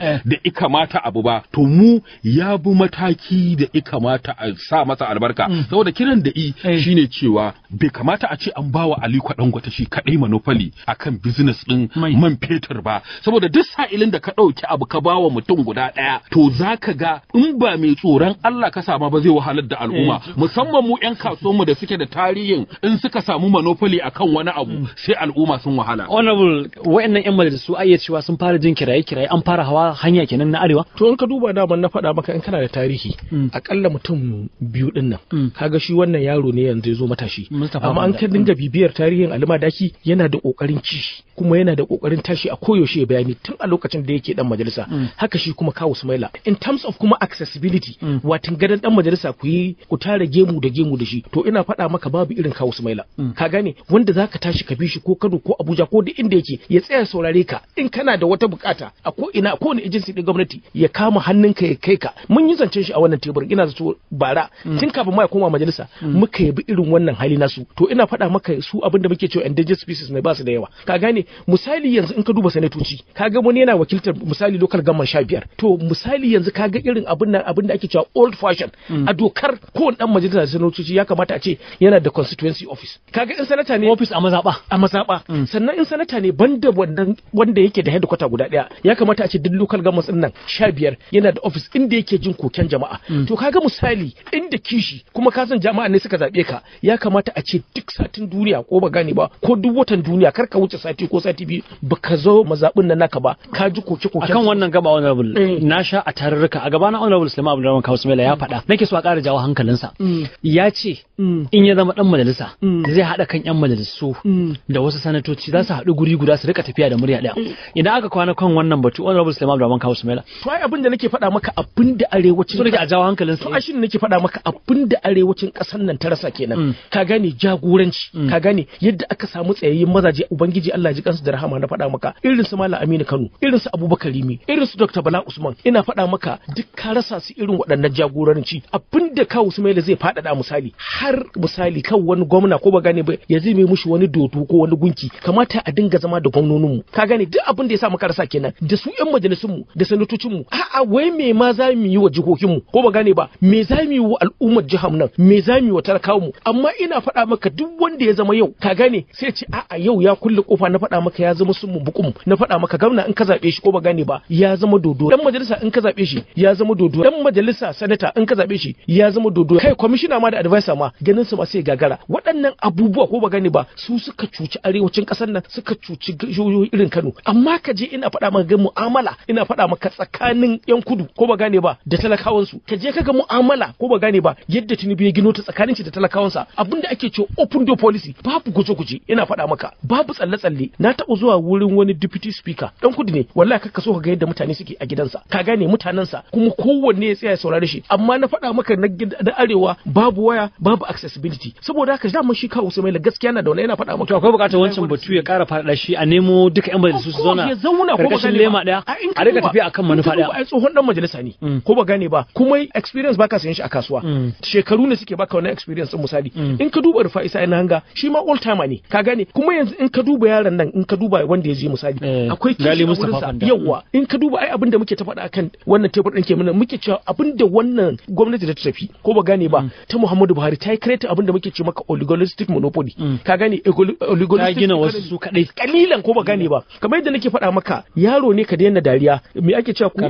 Speaker 4: eh. da ikamata abu ba to mu ya bi mataki da ikamata a sa masa albarka saboda kiran da i shine cewa bai kamata a ce an bawa Aliko Dangote shi kaɗai manufali akan business ɗin man fetur ba saboda duk sa'ilin da ka ɗauki abu ka bawa mutum guda ɗaya to zaka ga in ba mai tsoron Allah ka sama ba zai wahalar da al'umma eh. musamman mu 'yan mu da suke da tarihin in suka samu monopoly akan wani abu hmm. sai al'umma sun wahala.
Speaker 1: Honorable wa'annan
Speaker 3: ƴan majalisu ai cewa sun fara jin kiraye-kiraye an fara hawa hanya kenan na arewa. To in ka duba da na faɗa maka in kana da tarihi hmm. akalla mutum biyu ɗin nan hmm. kaga shi wannan yaro ne yanzu zo matashi amma an kan dinga bibiyar tarihin alima daki yana da kokarin ci kuma yana da kokarin tashi a koyaushe bayani tun a lokacin da yake dan majalisa mm. haka shi kuma kawo sumaila in terms of kuma accessibility mm. watan gadan dan majalisa ku yi ku tara gemu da gemu da shi to ina faɗa maka babu irin kawo sumaila mm. ka gane wanda zaka tashi ka bi shi ko Kano ko Abuja ko duk inda yake ya tsaya saurare ka in kana da wata bukata a ko ina ko wani agency din gwamnati ya kama hannunka ya kai ka mun yi zancen shi a wannan teburin ina zato bara tun kafin ma ya koma majalisa muka bi irin wannan hali nasu to ina faɗa maka su abinda muke cewa endangered species ne ba su da yawa ka gane misali yanzu in ka duba sanatoci kaga wani yana wakiltar misali lokal gamman sha biyar to misali yanzu ga irin abin nan abin da ake cewa old fashion mm. a dokar kowane dan majalisar sanatoci ya kamata a ce yana da constituency office kaga in sanata ne office a mazaba a mazaba mm. sannan in sanata ne banda wannan wanda yake da headquarter guda daya ya kamata a ce duk local gamman din nan sha biyar yana da office inda yake jin koken jama'a mm. to kaga misali inda kishi kuma ka san jama'a ne suka zaɓe ka ya kamata a ce duk satin duniya ko ba gane ba ko duk watan duniya kar ka wuce sati ko sati biyu ba ka zo mazaɓin nan naka ba ka ji koke koke akan
Speaker 1: wannan gaba honorable eh. na sha a tarurruka a gaba na honorable Sulaiman Abdulrahman Kausmela ya faɗa nake so a ƙara jawo hankalinsa mm. ya ce mm. in ya zama dan majalisa mm. zai haɗa kan yan majalisu da wasu sanatoci za su haɗu guri guda su rika tafiya da murya ɗaya idan aka kwana kan wannan batu honorable Sulaiman Abdulrahman Kausmela
Speaker 3: to ai abin da nake faɗa maka abin da arewacin so nake a jawo hankalinsa to eh. ashin nake faɗa maka abin da arewacin ƙasar nan ta rasa kenan Mm. ka gane jagoranci mm. ka gane yadda aka samu tsayayyen mazaje ubangiji Allah ji kansu da rahama na faɗa maka irin su Malam Aminu Kano irin su Abubakar Rimi irin su Dr. Bala Usman ina faɗa maka duk ka rasa su irin waɗannan jagoranci abinda kawo Sumaila zai da misali har misali kan wani gwamna ko ba gane ba ya zai mai mushi wani dodo ko wani gunki kamata a dinga zama da mu ka gane duk abin da ya sa muka rasa kenan da su yan mu da sanatocin mu a'a wai me ma za mu yi wa mu ko ba gane ba me za mu yi wa al'ummar jihar nan me za mu yi wa mu amma ina faɗa maka duk wanda ya zama yau ka gane sai ce a'a yau ya kulle kofa na faɗa maka ya zama sun bukum na faɗa maka gwamna in ka zaɓe shi ko ba gane ba ya zama dodo dan majalisa in ka zaɓe shi ya zama dodo dan majalisa sanata in ka zaɓe shi ya zama dodo kai kwamishina ma da adviser ma ganin su ba sai gagara waɗannan abubuwa ko ba gane ba su suka cuci arewacin ƙasar nan suka cuci jihohi irin Kano amma ka je ina faɗa maka mu'amala ina faɗa maka tsakanin yan kudu ko ba gane ba da talakawansu ka je ka ga mu'amala ko ba gane ba yadda tunibi ya gino ta tsakanin shi da talakawansa Abin da ake ce open door policy babu guje-guje ina faɗa maka babu tsalle-tsalle na taɓa zuwa wurin wani deputy speaker dan kudu ne wallahi ka so ka ga yadda mutane suke a gidansa ka gane mutanensa kuma kowanne ya tsaya ya saurare shi amma na faɗa maka na arewa babu waya babu accessibility saboda haka dama shi kawo sai mai gaskiya na da wani yana faɗa maka to akwai buƙatar wancan batu ya ƙara faɗa shi a nemo duka yan majalisu su zauna karkashin lema daya a rika tafiya akan manufa daya ai tsohon dan majalisa ne mm. ko ba gane ba kuma experience baka sayan shi a kasuwa mm. shekaru ne suke baka wannan experience din misali ne mm. in ka duba rufa isa ina hanga shi ma old timer ne ka gane kuma yanzu in ka duba yaran nan in ka duba wanda ya je misali eh, akwai kishi a wurinsa yawa in ka duba ai abin da muke ta faɗa akan wannan tebur ɗin ke muna muke cewa abin da wannan gwamnati ta tafi ko ba gane ba mm. ta Muhammadu Buhari ta yi create abin da muke ce maka oligolistic monopoly mm. ka gane oligolistic ta gina wasu su kadai kalilan ko ba gane ba kamar yadda nake faɗa maka yaro ne ka daina dariya me ake cewa ku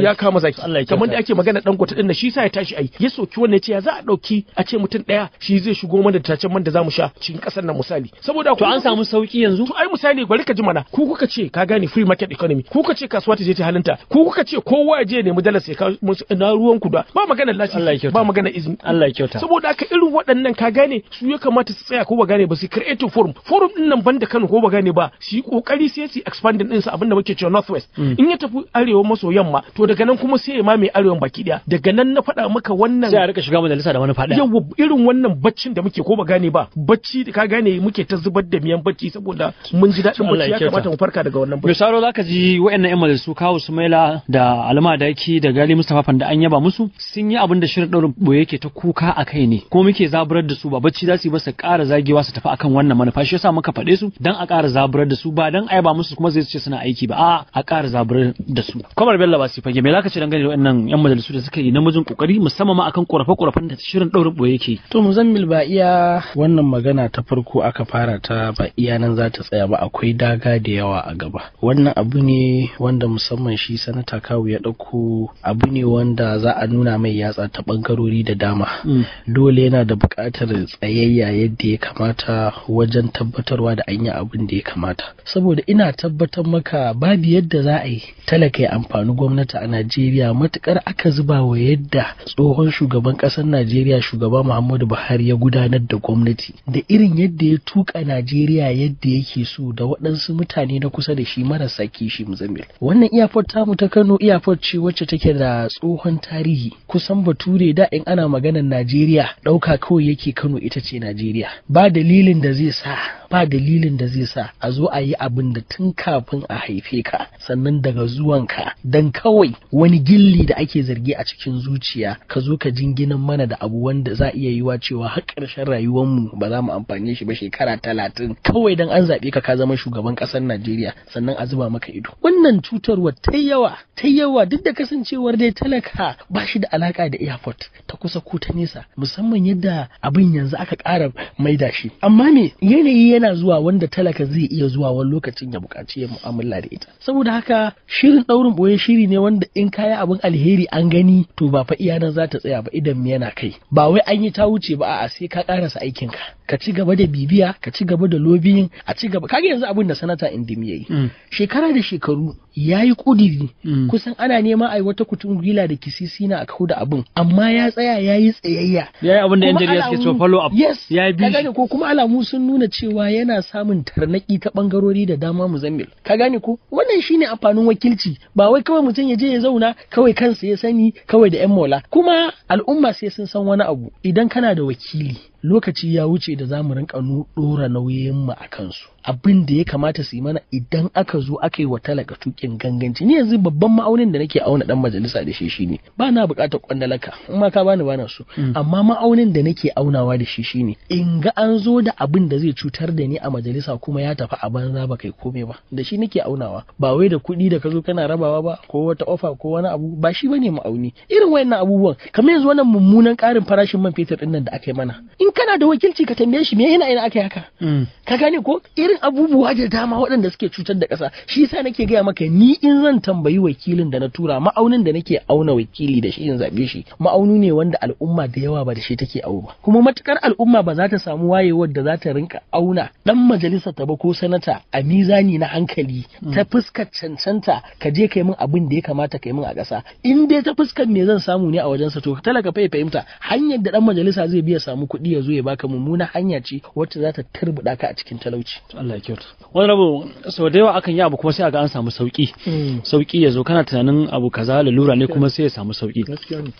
Speaker 3: ya kama zaki kamar da ake magana dan gwata din shi sa ya tashi ai ya soki wannan ya ce ya za a dauki a ce mutum daya shi shi zai shigo mana da tacen man da zamu sha cikin kasar nan misali saboda to an samu sauki yanzu to ai misali bari ka ji mana ku kuka ce ka gane free market economy ku kuka ce kasuwa ta je ta halinta ku kuka ce kowa ya je ya mu dalar sai ka na ruwan ku da ba magana lati ba magana izini Allah ya kyauta saboda haka irin waɗannan ka gane su ya kamata su tsaya ko ba gane ba su creative forum forum din nan banda Kano ko ba gane ba su yi kokari sai su expand din su abinda muke cewa northwest mm. in ya tafi arewa maso yamma to daga nan kuma sai ya mame arewan baki daya daga nan na faɗa maka wannan sai a rika shiga majalisa da wani faɗa yawa irin wannan baccin da muke ko ba gane ba bacci ka gane muke ta zubar da miyan bacci saboda mun ji daɗin bacci ya kamata mu farka daga wannan bacci.
Speaker 1: Misaro zaka ji wa'annan ƴan su kawo maila da Alma Daki da Gali Mustapha Fanda an yaba musu sun yi abin da shirin ɗaurin boye yake ta kuka a kai ne Ko muke zaburar da su ba bacci za su yi ba su ƙara zagewa su tafi akan wannan manufa shi yasa muka faɗe su dan a ƙara zaburar da su ba dan a yaba musu kuma zai ce suna aiki ba a'a a ƙara zaburar da su. Kamar Bello ba su fage me zaka ce dangane da wa'annan ƴan majalisu da
Speaker 2: suka yi namijin kokari musamman ma akan ƙorafe-ƙorafen
Speaker 1: da shirin ɗaurin boye yake.
Speaker 2: To mu zan muzammil ba iya wannan magana ta farko aka fara ta ba iya nan za ta tsaya ba akwai daga da yawa a gaba wannan abu ne wanda musamman shi sanata kawu ya ɗauko abu ne wanda za a nuna mai yatsa ta ɓangarori da dama mm. dole yana da buƙatar tsayayya yadda ya kamata wajen tabbatarwa da an yi abin da ya kamata saboda ina tabbatar maka babu yadda za a yi talaka ya amfani gwamnati a najeriya matukar aka zuba wa yadda tsohon shugaban ƙasar najeriya shugaba muhammadu buhari kamar ya gudanar da gwamnati da irin yadda ya tuka Najeriya yadda yake so da waɗansu mutane na kusa da shi marasa kishi Muzamil. Wannan iyafar tamu ta Kano iyafar ce wacce take da tsohon tarihi kusan bature da in ana maganar Najeriya ɗauka kawai yake Kano ita ce Najeriya ba dalilin da zai sa ba dalilin da zai sa a zo a yi abin da tun kafin a haife ka sannan daga zuwanka dan kawai wani gilli da ake zargi a cikin zuciya ka zo ka jinginan mana da abu wanda za iya yiwa cewa har ƙarshen rayuwarmu ba za mu amfane shi ba shekara talatin kawai dan an zaɓe ka ka zama shugaban ƙasar Najeriya sannan a zuba maka ido wannan cutarwa ta yawa ta yawa duk da kasancewar dai talaka ba shi da alaka da airport ta kusa ko ta nesa musamman yadda abin yanzu aka ƙara maida shi amma me yanayi yana zuwa wanda talaka zai iya zuwa wani lokacin ya buƙaci ya mu'amala da ita saboda haka shirin ɗaurin ɓoye shiri ne wanda in kaya abin alheri an gani to ba fa iya nan za ta tsaya ba idan yana kai ba wai an yi ta wuce ba a, sai ka ƙarasa aikinka ka ci gaba da bibiya ka ci gaba da lobiyin a ci gaba kage yanzu abin da sanata indimi yayi mm. shekara da shekaru ya yi kudiri mm. kusan ana nema yi wata kutun gila da kisisi na a kawo da abin amma ya tsaya yi tsayayya yi abin da yan suke so follow yes ya bi ko kuma alamu sun nuna cewa yana samun tarnaki ta ɓangarori da dama mu muzammil ka gane ko wannan shine amfanin wakilci ba wai kawai mutum ya je ya zauna kawai kansa ya sani kawai da yan mola kuma al'umma sai sun san wani abu idan kana da wakili lokaci ya wuce da zamu rinka dora nauyin mu a kansu abin da ya kamata su yi mana idan aka zo aka yi wa talaka tukin ganganci ni yanzu babban ma'aunin da nake auna dan majalisa da shi shine ba na buƙatar kwandalaka in ma ka bani bana so mm. amma ma'aunin da nake aunawa da shi shine in ga an zo da abin da zai cutar da ni a majalisa kuma ya tafi a banza ba kai komai ba da shi nake aunawa ba wai da kuɗi da ka zo kana rabawa ba ko wata ofa ko wani abu ba shi bane ma'auni irin wayannan abubuwan kamar yanzu wannan mummunan ƙarin farashin man fetur din nan da aka yi mana in kana da wakilci ka tambaye shi me yana ina aka yi haka mm. ka gane ko irin abubuwa da dama waɗanda suke cutar da ƙasa shi sa nake gaya maka ni in zan tambayi wakilin da na tura ma'aunin da nake auna wakili da shi in zaɓe shi ma'aunu ne wanda al'umma da yawa ba da shi take awo ba kuma matukar al'umma ba za ta samu wayewar da za ta rinka auna dan majalisa ta ba ko sanata a mizani na hankali mm. ta fuskar cancanta ka je kai min abin da ya kamata kai min a ƙasa in dai ta fuskar me zan samu ne a wajensa to talaka fai fahimta hanyar da dan majalisa zai biya samu kuɗi ya zo ya baka mummuna hanya ce wacce za ta turbuɗa ka a cikin talauci Allah ya kyautu
Speaker 1: wani rabu sau da yawa akan yi abu kuma sai a ga an samu sauki hmm. sauki ya zo kana tunanin abu kaza lalura ne kuma sai ya samu sauki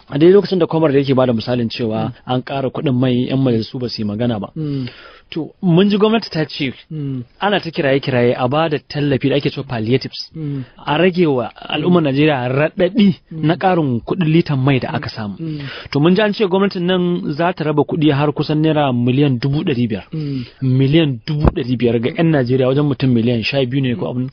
Speaker 1: a daidai lokacin da kwamar da yake bada misalin cewa hmm. an kara kuɗin mai yan majalisu ba su yi magana ba hmm. To, mun ji gwamnati ta ce hmm. ana ta kiraye-kiraye a ba da tallafi da ake cewa palliatives hmm. a rage wa al'ummar Najeriya raɗaɗi hmm. na ƙarin kuɗin litan mai da aka samu. To, mun ji an ce gwamnatin nan za ta raba kuɗi har kusan naira miliyan dubu ɗari biyar. Miliyan dubu ɗari biyar ga 'yan Najeriya wajen mutum miliyan sha biyu ne ko abin.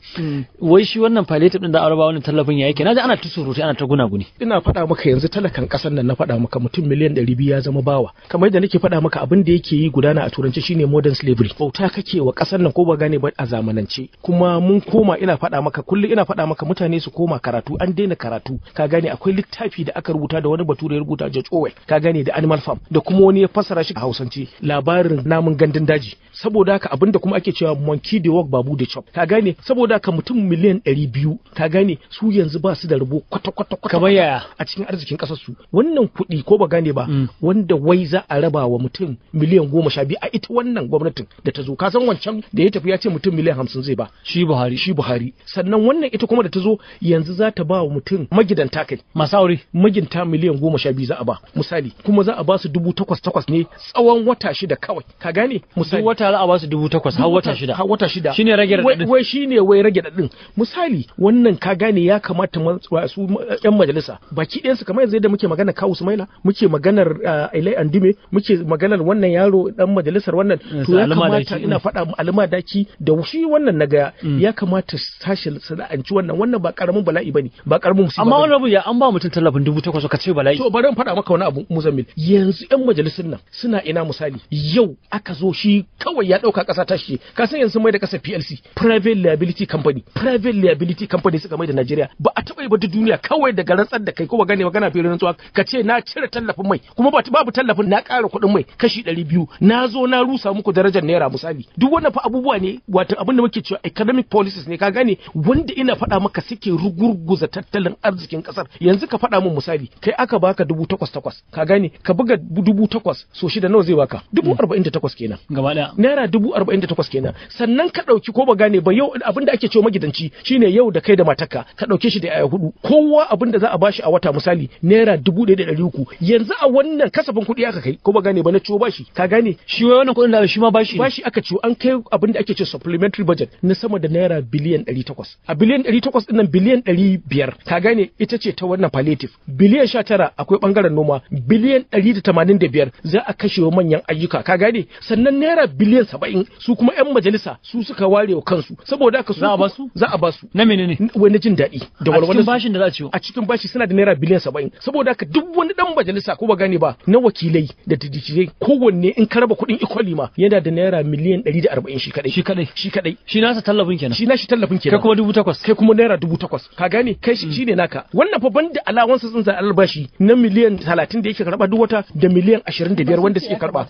Speaker 1: Wai shi wannan palliative ɗin da a raba wannan tallafin ya yake. Na ji ana ta surutu ana ta gunaguni.
Speaker 3: Ina faɗa maka yanzu talakan ƙasar nan na faɗa maka mutum miliyan ɗari biyu ya zama bawa. Kamar yadda nake faɗa maka abin da yake yi gudana a turanci shine modern slavery bauta kake wa kasar nan ko ba gane ba a zamanance kuma mun koma ina faɗa maka kullum ina faɗa maka mutane su koma karatu an daina karatu ka gane akwai littafi da aka rubuta da wani bature ya rubuta George Orwell ka gane da Animal Farm da kuma wani ya fassara shi a Hausance labarin namun gandun daji saboda haka abinda kuma ake cewa monkey the work babu the chop ka gane saboda haka mutum miliyan ɗari biyu ka gane su yanzu ba su da rabo kwata kwata kamar yaya a cikin arzikin kasar su wannan kuɗi ko ba gane ba mm. wanda wai za a raba wa mutum miliyan goma sha biyu a ita wannan wannan gwamnatin da ta zo ka san wancan da ya tafi ya ce mutum miliyan hamsin zai ba shi buhari shi buhari sannan wannan ita kuma da ta zo yanzu za ta ba wa mutum magidanta kai masu aure maginta miliyan goma sha biyu za a ba misali kuma za a ba su dubu takwas takwas ne tsawon wata shida kawai ka gane misali
Speaker 1: wata za a ba su
Speaker 3: dubu takwas har wata shida har wata shida shine rage dadin wai shine wai rage dadin misali wannan ka gane ya kamata su yan majalisa baki su kamar yanzu da muke magana kawu sumaila muke maganar ah, ilai andime muke maganar wannan yaro dan majalisar wannan Eh, to ya kamata ina faɗa almadaki da shi wannan na gaya mm. ya kamata sashi sana'anci wannan wannan ba karamin bala'i bane ba karamin musiba amma wannan ya an ba mutum tallafin dubu takwas ka ce bala'i to bari in faɗa maka wani abu muzammil yanzu yan majalisun nan suna ina misali yau aka zo shi kawai ya ɗauka ƙasa ta shi ka san yanzu mai da ƙasa PLC private liability company private liability company suka mai da Najeriya ba a taɓa yi ba duniya kawai daga rantsar da kai ko gane magana filin rantsuwa ka ce na cire tallafin mai kuma babu tallafin na ƙara kuɗin mai kashi ɗari biyu na zo na rusa samu muku darajar naira misali duk wannan fa abubuwa ne wato abin da muke cewa economic policies ne ka gane wanda ina fada maka suke rugurguza tattalin arzikin kasar. yanzu ka fada min misali kai aka baka dubu takwas takwas ka gane ka buga dubu takwas so shida nawa zai baka dubu hmm. arba'in da takwas kenan gaba ɗaya naira dubu arba'in da takwas kenan sannan ka ɗauki ko ba gane ba yau abin da ake cewa magidanci shine yau da kai da matarka ka ɗauke shi da yaya hudu kowa abin da za a bashi a wata misali naira dubu ɗaya da ɗari uku yanzu a wannan kasafin kuɗi aka kai ko ba gane ba na ciwo bashi ka gane shi wannan kuɗin Allah shi ma bashi bashi aka ciwo an kai abin da ake ce supplementary budget na sama da naira biliyan 800 a biliyan 800 dinnan biliyan 500 ka gane ita ce ta wannan palliative biliyan 19 akwai bangaren noma biliyan 185 za a kashe wa manyan ayyuka ka gane sannan naira biliyan 70 su kuma yan majalisa su suka ware wa kansu saboda haka su za a ba su za a ba su na menene wai na jin daɗi da walwala a cikin bashin da za a ciwo a cikin bashi suna da naira biliyan 70 saboda haka duk wani dan majalisa ko ba gane ba na wakilai da dijijai kowanne in ka raba kuɗin ikoli ma yana da naira miliyan 140 shi kadai shi kadai shi kadai shi nasa tallafin kenan shi nashi tallafin kenan kai kuma dubu takwas kai kuma naira dubu takwas ka gane kai shi mm. shine naka wannan fa banda alawansa sun sa albashi na miliyan 30 da yake karba duk wata da miliyan 25 wanda suke karba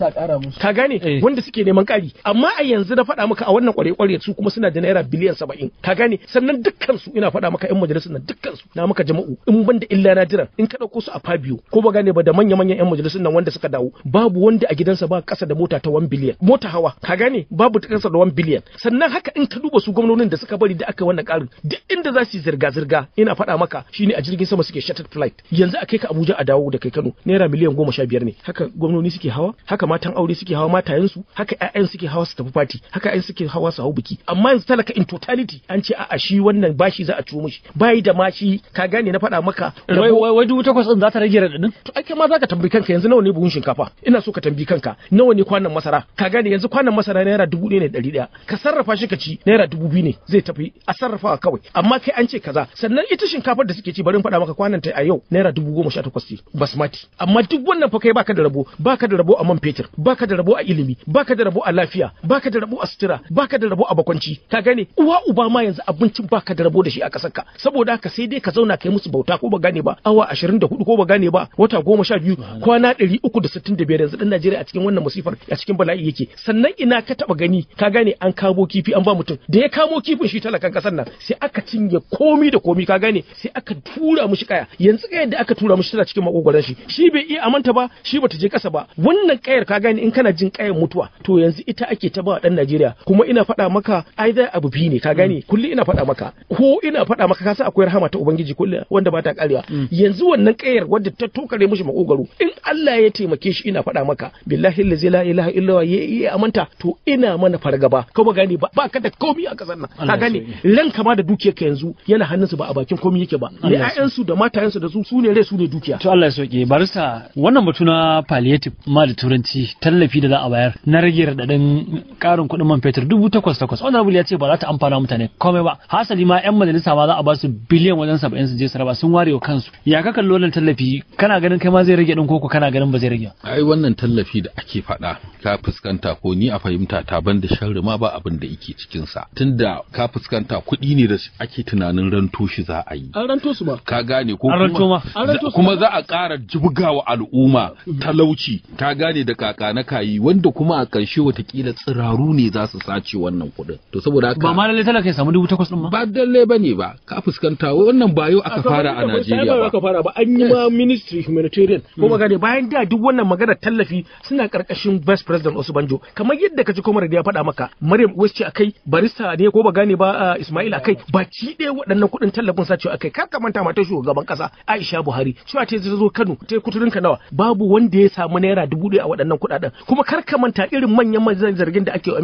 Speaker 3: ka gane eh. wanda suke neman kari amma a yanzu na faɗa maka a wannan kware kware su kuma suna da naira biliyan 70 ka gane sannan dukkan su ina faɗa maka yan majalisar nan dukkan su na maka jama'u in banda illa na jiran in ka dauko su a Fabio ko ba gane ba da manya manyan yan majalisar nan wanda suka dawo babu wanda a gidansa ba kasa da mota ta 1 biliyan biliyan mota hawa ka gane babu takarsa da 1 biliyan sannan haka in ka duba su gwamnonin da suka bari da aka wannan karin duk inda za su zirga zirga ina faɗa maka shine a jirgin sama suke shuttle flight yanzu a kai ka Abuja a dawo da kai Kano naira miliyan goma sha biyar ne haka gwamnoni suke hawa haka matan aure suke hawa su haka ƴaƴan suke hawa su tafi fati haka ƴaƴan suke hawa su hau biki amma yanzu talaka in totality an ce a'a shi wannan bashi za a ciwo mishi bayi da mashi ka gane na faɗa maka wai wai dubu takwas din za ta rage raɗaɗin to ai kai ma za ka tambayi kanka yanzu nawa ne buhun shinkafa ina so ka tambayi kanka nawa ne kwanan masara ka gane yanzu kwanan masara naira dubu ɗaya ne ɗari ɗaya ka sarrafa shi ka ci naira dubu biyu ne zai tafi a sarrafawa kawai amma kai an ce kaza sannan ita shinkafar da suke ci bari in faɗa maka kwanan ta a yau naira dubu goma sha takwas basmati amma duk wannan fa kai baka da rabo baka da rabo a man fetur baka da rabo a ilimi baka da rabo a lafiya baka da rabo a sutura baka da rabo a bakwanci ka gane uwa uba ma yanzu abincin baka da rabo da shi a kasar ka saboda ka sai dai ka zauna kai musu bauta ko ba gane ba awa 24 ko ba gane ba wata biyu kwana 365 yanzu ɗan Najeriya a cikin wannan musifar a cikin bala'i yake sannan ina ka taba gani ka gane an kamo kifi an ba mutum da ya kamo kifin shi talakan kasar nan sai aka cinye komi da komi ka gane sai aka tura mushi kaya yanzu kayar da aka tura mushi tana cikin makogwaron shi shi bai iya amanta ba shi bata je kasa ba wannan kayar ka gane in kana jin kayan mutuwa to yanzu ita ake ta ba dan Najeriya kuma ina faɗa maka ai abu bi ne ka gane mm. kulli ina faɗa maka ko ina faɗa maka ka san akwai rahama ta ubangiji kulli wanda ba ta karewa mm. yanzu wannan kayar wadda ta tokare mushi makogaro in Allah ya taimake shi ina faɗa maka billahi la ilaha illa iya amanta to ina mana fargaba ka ba gane ba ba ka da komi a kasar nan ka gane ran kama da dukiyar ka yanzu yana hannunsu ba a bakin komi yake ba ne ƴaƴansu da matayensu da su sune rai su dukiya to Allah ya sauke
Speaker 1: barista wannan batu na palliative ma da turanci tallafi da za a bayar na rage radadin karin kuɗin man fetur dubu takwas takwas ya ce ba za ta amfana mutane komai ba hasali ma yan majalisa ma za a ba su biliyan wajen saba'in su je su raba sun ware wa kansu ya ka kallo wannan tallafi kana ganin kai ma zai rage din koko kana ganin ba zai rage
Speaker 4: ai wannan tallafi da ake faɗa ka fuska fuskanta ko ni a fahimta ta ban da sharri ma ba abin da yake cikin sa tunda ka fuskanta kuɗi ne da ake tunanin ranto shi za a yi an ranto su ba ka gane ko kuma kuma za a ƙara jibgawa al'umma talauci ka gane da kaka na kayi wanda kuma a ƙarshe watakila tsiraru ne za su sace wannan kuɗin to saboda haka ba ma lalle talaka ya samu dubu takwas ɗin ma ba dalle ba
Speaker 3: ne ba ka fuskanta wannan bayo aka fara a Najeriya ba aka fara ba an yi ma ministry humanitarian ko magana mm. bayan da duk wannan magana tallafi suna karkashin vice president Salisu Banjo kamar yadda kaji Komar da ya faɗa maka Maryam Uwais ce akai barista ne ko ba gane ba Ismail akai ba ci ɗaya waɗannan kuɗin tallafin sa ce akai kar ka manta matar shugaban ƙasa Aisha Buhari cewa ce zai zo Kano ta kuturin ka nawa babu wanda ya samu naira dubu ɗaya a waɗannan kuɗaɗen kuma kar ka manta irin manyan manyan zargin da ake wa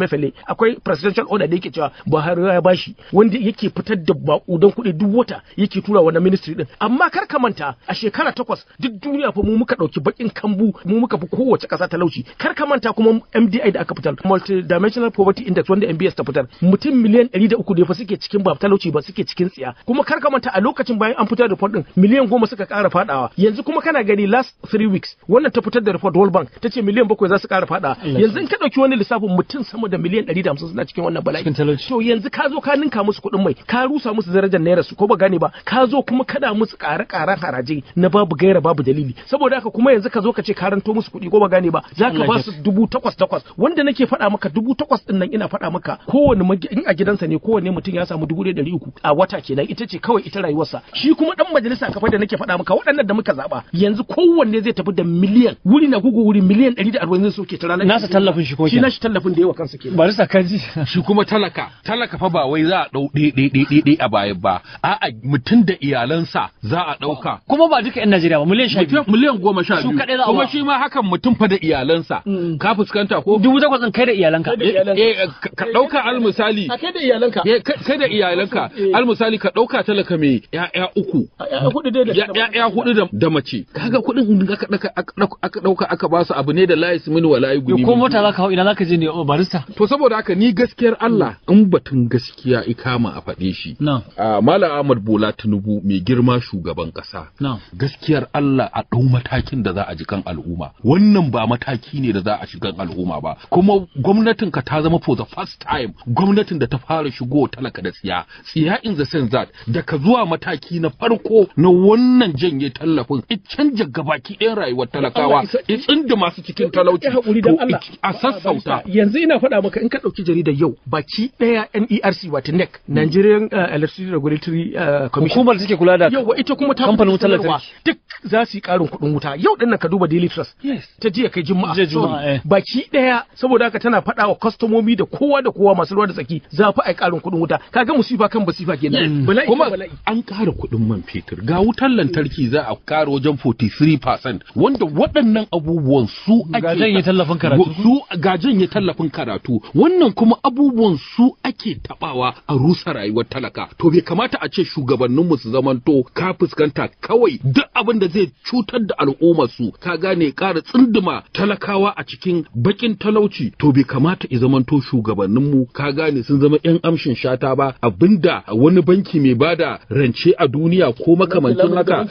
Speaker 3: akwai presidential order da yake cewa Buhari ya bashi wanda yake fitar da baƙudan kuɗi duk wata yake tura na ministry din amma kar ka manta a shekara takwas duk duniya fa mu muka ɗauki baƙin kambu mu muka fi kowace ƙasa talauci kar ka manta kuma MDI da aka fitar multi dimensional poverty index wanda MBS ta fitar mutum miliyan 300 ne fa suke cikin ba talauci ba suke cikin tsiya kuma kar ka manta a lokacin bayan an fitar da report din miliyan 10 suka ƙara fadawa yanzu kuma kana gani last three weeks wannan ta fitar da report World Bank ta ce miliyan 7 za su kara fadawa yanzu in ka dauki wani lissafin mutum sama da miliyan 150 suna cikin wannan bala'i to yanzu ka zo ka ninka musu kuɗin mai ka rusa musu darajar naira su ko ba gane ba ka zo kuma kada musu ƙare-ƙaren haraji na babu gaira babu dalili saboda haka kuma yanzu ka zo ka ce karanto musu kuɗi ko ba gane ba za ka ba su dubu takwas wanda nake faɗa maka dubu takwas ɗin nan ina faɗa maka kowane in a gidansa ne kowane mutum ya samu dubu ɗari uku a wata kenan ita ce kawai ita rayuwarsa shi kuma ɗan majalisa kafa da nake faɗa maka waɗannan da muka zaɓa yanzu kowanne zai tafi da miliyan wuri na gugu wuri miliyan ɗari da arba'in zai ke ta ranar nasa tallafin shi ko shi nashi tallafin da yawa kansa ke barisa kaji shi kuma
Speaker 4: talaka talaka fa ba wai za a ɗau ɗaiɗaiɗaiɗai a baya ba a'a mutum da iyalansa za a ɗauka
Speaker 1: kuma ba duka 'yan Najeriya ba miliyan sha
Speaker 4: miliyan goma sha biyu kuma shi ma hakan mutum fa da iyalansa mm. ka fuskanta mota ko dubu takwas ɗin kai da iyalanka ka ɗauka almisali kai da iyalanka kai da iyalanka almisali ka ɗauka talaka mai ya'ya uku ya'ya hudu da mace
Speaker 3: kaga kuɗin
Speaker 4: aka ɗauka aka ba su abu ne da layi mini wa layi guni ko mota zaka hau ina zaka je ne barista to saboda haka ni gaskiyar Allah in batun gaskiya ikama a faɗe shi malam Ahmad Bola Tinubu mai girma shugaban ƙasa gaskiyar Allah a ɗau matakin da za a ji kan al'umma wannan ba mataki ne da za a shigan al'umma koma ba kuma gwamnatin ka ta zama for the first time gwamnatin da ta fara shigo talaka da tsiya tsiya in the sense that daga zuwa mataki na farko na wannan janye tallafin it canja gabaki ɗayan rayuwar talakawa it inda masu cikin talauci to a sassauta
Speaker 3: yanzu ina faɗa maka in ka ɗauki jarida yau baki ɗaya NERC wato NEC hmm. Nigerian uh, Electricity Regulatory uh, Commission hukumar suke kula da yau ita kuma ta kamfanin wutar lantarki duk za su yi ƙarin kuɗin wuta yau ɗin ka duba Daily Trust ta jiya kai juma'a eh. baki ɗaya saboda haka tana faɗa wa kwastomomi da kowa da kowa masu ruwa da tsaki za fa ai ƙarin kuɗin wuta kaga musifa kan musifa kenan bala'i kuma
Speaker 4: an ƙara kuɗin man fetur ga wutar lantarki za a ƙara wajen 43% wanda waɗannan abubuwan su ake gajen ya tallafin karatu su gajen ya tallafin karatu wannan kuma abubuwan su ake tabawa a rusa rayuwar talaka to bai kamata a ce shugabanninmu su zamanto ka fuskanta kawai duk abin da zai cutar da al'ummar su ka gane ƙara tsinduma talakawa a cikin baƙin cikin talauci to bai kamata i zamanto shugabanninmu ka gane sun zama yan amshin shata ba abinda wani banki mai bada rance a duniya ko makamancin haka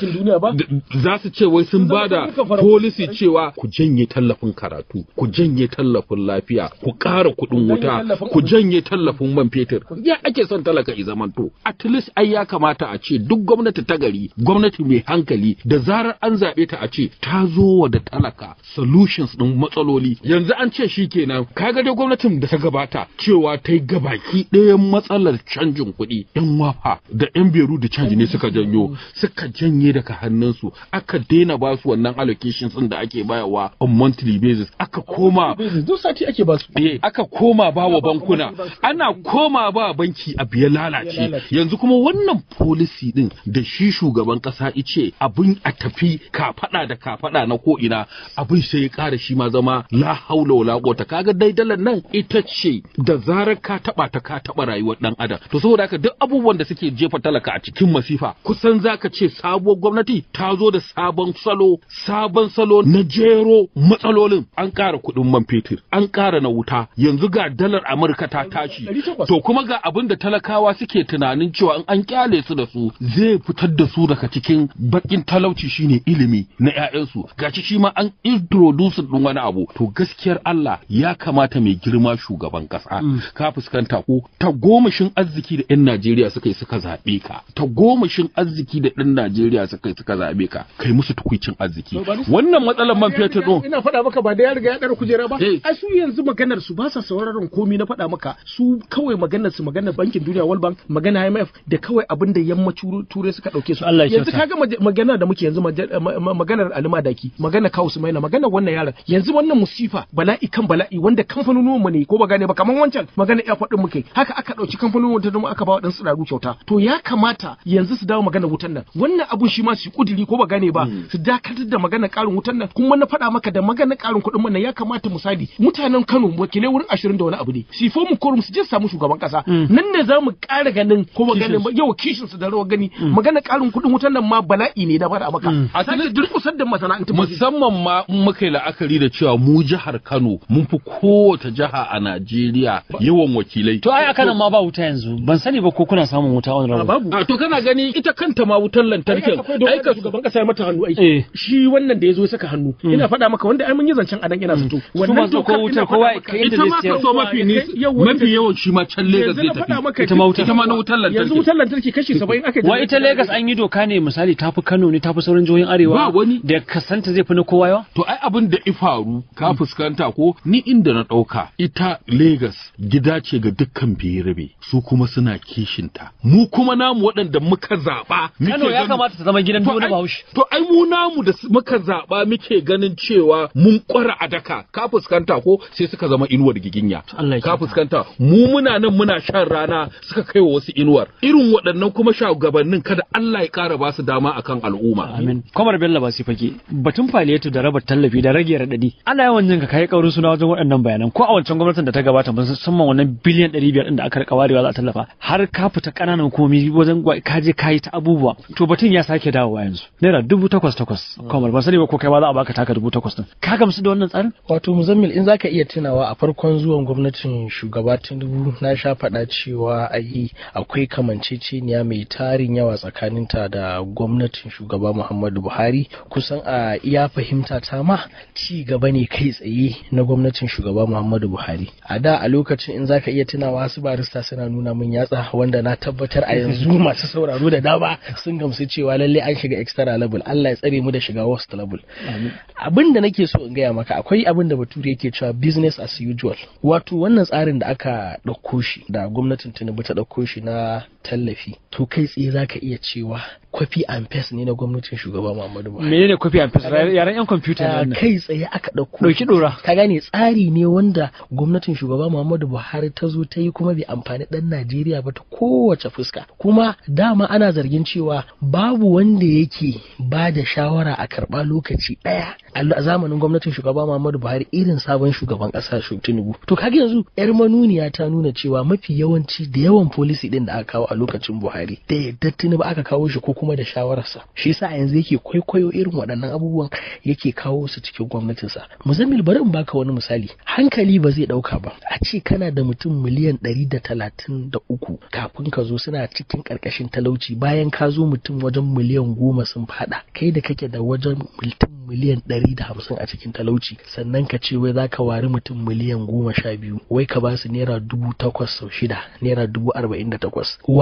Speaker 4: za su ce wai sun bada policy cewa ku janye tallafin karatu ku janye tallafin lafiya ku ƙara kuɗin wuta ku janye tallafin man fetur ya ake son talaka i zamanto at least ai ya kamata a ce duk gwamnati ta gari gwamnati mai hankali da zarar an zaɓe ta a ce ta zo wa da talaka solutions ɗin matsaloli yanzu an an ce shi kenan kaga dai gwamnatin da ta gabata cewa ta yi gabaki ɗayan matsalar canjin kuɗi yan wafa da yan beru da canji ne suka janyo suka janye daga hannunsu aka daina ba su wannan allocation sun da ake bayarwa on monthly basis aka koma duk sati ake ba su eh, aka koma ba wa bankuna ana koma ba banki a biya lalace yanzu kuma wannan policy din da shi shugaban kasa ice abin a tafi kafaɗa da kafaɗa na ko ina abin sai ya kara shi ma zama la haula wala quwwata kaga dalan nan ita ce da zarar ka taba ta ka taba rayuwar dan adam to saboda haka duk abubuwan da suke jefa talaka a cikin masifa kusan zaka ce sabuwar gwamnati ta zo da sabon salo sabon salo na jero matsalolin an ƙara kuɗin man fetur an ƙara na wuta yanzu ga dalar amurka ta tashi to kuma ga abin da talakawa suke tunanin cewa in an kyale su da su zai fitar da su daga cikin bakin talauci shine ilimi na 'ya'yansu gashi shi ma an introduce din wani abu to gaskiya hanyar Allah ya kamata mai girma shugaban ƙasa mm. ka fuskanta ko ta gomashin arziki da ɗan Najeriya suka yi suka zaɓe ka ta gomashin arziki da ɗan Najeriya suka yi suka zaɓe ka kai musu tukuicin arziki wannan matsalar man fetur ɗin
Speaker 3: ina faɗa maka ba da ya riga ya ɗara kujera ba eh. a su yanzu maganar su ba sa sauraron komi na faɗa maka su kawai maganar su maganar bankin duniya World Bank magana IMF da kawai abin da yammacin turai suka ɗauke su yanzu kaga magana da muke yanzu maganar Alima Daki maganar Kawus Maina, maganar wannan yaran yanzu wannan musifa bala'i kan bala'i wanda kamfanonin mu ne ko ba gane ba kamar wancan magana airport faɗin muke haka aka dauki kamfanonin ta mu aka ba dan tsiraru kyauta to ya kamata yanzu su dawo magana wutan nan wannan abun shi ma su kudiri ko ba gane ba hmm. su dakatar da magana karin wutan nan kuma na faɗa maka da magana karin kudin mu nan ya kamata misali mutanen Kano wakilai wurin 20 da wani abu ne si mu korum su je samu shugaban kasa hmm. nan ne za mu ƙara ganin ko ba gane ba yau kishin su da rawar gani hmm. magana karin kudin wutan nan ma bala'i ne da ba da maka a sanin durƙusar da masana'antu
Speaker 4: musamman ma muka yi la'akari da cewa mu jihar Kano Kano mun fi kowace jiha a
Speaker 1: Najeriya yawan wakilai. To ai a ma ba wuta yanzu ban sani ba ko kuna samun wuta a rabu. Babu. To kana
Speaker 4: gani ita kanta ma wutar lantarkin ai ka
Speaker 1: shugaban
Speaker 3: kasa ya mata hannu ai. Eh. Shi wannan da ya zo ya saka hannu hmm. ina faɗa maka wanda ai mun yi zancen anan ina zato. Wannan to ko wutar kowa ita ma kaso mafi ne mafi yawan
Speaker 4: shi ma can Lagos zai tafi. Ita ma wutar. Ita ma na wutar lantarki. Yanzu wutar lantarki kashi 70 aka Wa ita Lagos
Speaker 1: an yi doka ne misali tafi Kano ne tafi sauran jihohin Arewa. Ba wani. Da kasanta zai
Speaker 4: fi na kowa yawa. To ai abin da ifaru ka fuskanta fahimta ni inda na ɗauka ita Legas gida ce ga dukkan birabe su kuma suna kishinta mu kuma namu waɗanda muka zaɓa Kano ya kamata ta zama gidan biyu na Bahaushe to ai mu namu da muka zaɓa muke ganin cewa mun ƙwara a daka ka fuskanta ko sai suka zama inuwar giginya ka fuskanta mu muna nan muna shan rana suka kai wa wasu inuwar irin waɗannan kuma shugabannin kada Allah ya ƙara ba su dama akan al'umma
Speaker 1: amin kamar Bello ba su fake batun faliyatu da raba tallafi da rage raɗaɗi ana yawan jin ka kai alƙawarin suna wajen waɗannan bayanan ko a wancan gwamnatin da ta gabata musamman wannan biliyan ɗari biyar ɗin da aka rika warewa za a tallafa har ka fita ƙananan komi wajen kaje kayi ta abubuwa to batun ya sake dawowa yanzu naira dubu takwas takwas mm. kamar ban sani ba ko kai ma za a baka taka dubu takwas ɗin
Speaker 2: ka gamsu da wannan tsarin. wato muzammil in zaka iya tunawa a farkon zuwan gwamnatin shugaba tinubu na sha faɗa cewa ai akwai kamanceceniya mai tarin yawa tsakaninta da gwamnatin shugaba muhammadu buhari kusan a iya fahimta ta ma ci gaba ne kai tsaye na gwamnatin shugaba Muhammadu Buhari. A da a lokacin in zaka iya tunawa su barista suna nuna min yatsa wanda na tabbatar a yanzu [laughs] masu sauraro da dama sun gamsu cewa lalle an shiga extra level Allah ya tsare mu da shiga worst level. Abin da nake so in gaya maka akwai abin da Bature yake cewa business as usual. Wato wannan tsarin da aka ɗauko shi da gwamnatin Tinubu ta ɗauko shi na tallafi to kai tsaye za ka iya cewa kwafi and fes ne na gwamnatin shugaba Muhammadu Buhari.
Speaker 1: Me ne kwafi and fes? Yaran yan kwamfuta ne. Kai
Speaker 2: tsaye aka ɗauko. Ɗauki ɗora. Ka gane tsari ne wanda gwamnatin shugaba Muhammadu Buhari ta zo ta yi kuma bai amfani ɗan Najeriya ba ta kowace fuska. Kuma dama ana zargin cewa babu wanda yake ba da shawara a karɓa lokaci ɗaya a zamanin gwamnatin shugaba Muhammadu Buhari irin sabon shugaban ƙasa Tinubu. To ga yanzu 'yar manuniya ta nuna cewa mafi yawanci da yawan folisi ɗin da aka kawo a lokacin Buhari da yadda tuni ba aka kawo shi ko kuma da shawararsa shi yasa yanzu yake kwaikwayo irin waɗannan abubuwan yake kawo su cikin gwamnatinsa Muzammil bari in baka wani misali hankali ba zai ɗauka ba a ce kana da mutum miliyan ɗari da talatin da uku kafin ka zo suna cikin ƙarƙashin talauci bayan ka zo mutum wajen miliyan goma sun faɗa kai da kake da wajen mutum miliyan ɗari da hamsin a cikin talauci sannan ka ce wai za ka wari mutum miliyan goma sha biyu wai ka ba su naira dubu takwas sau shida naira dubu arba'in da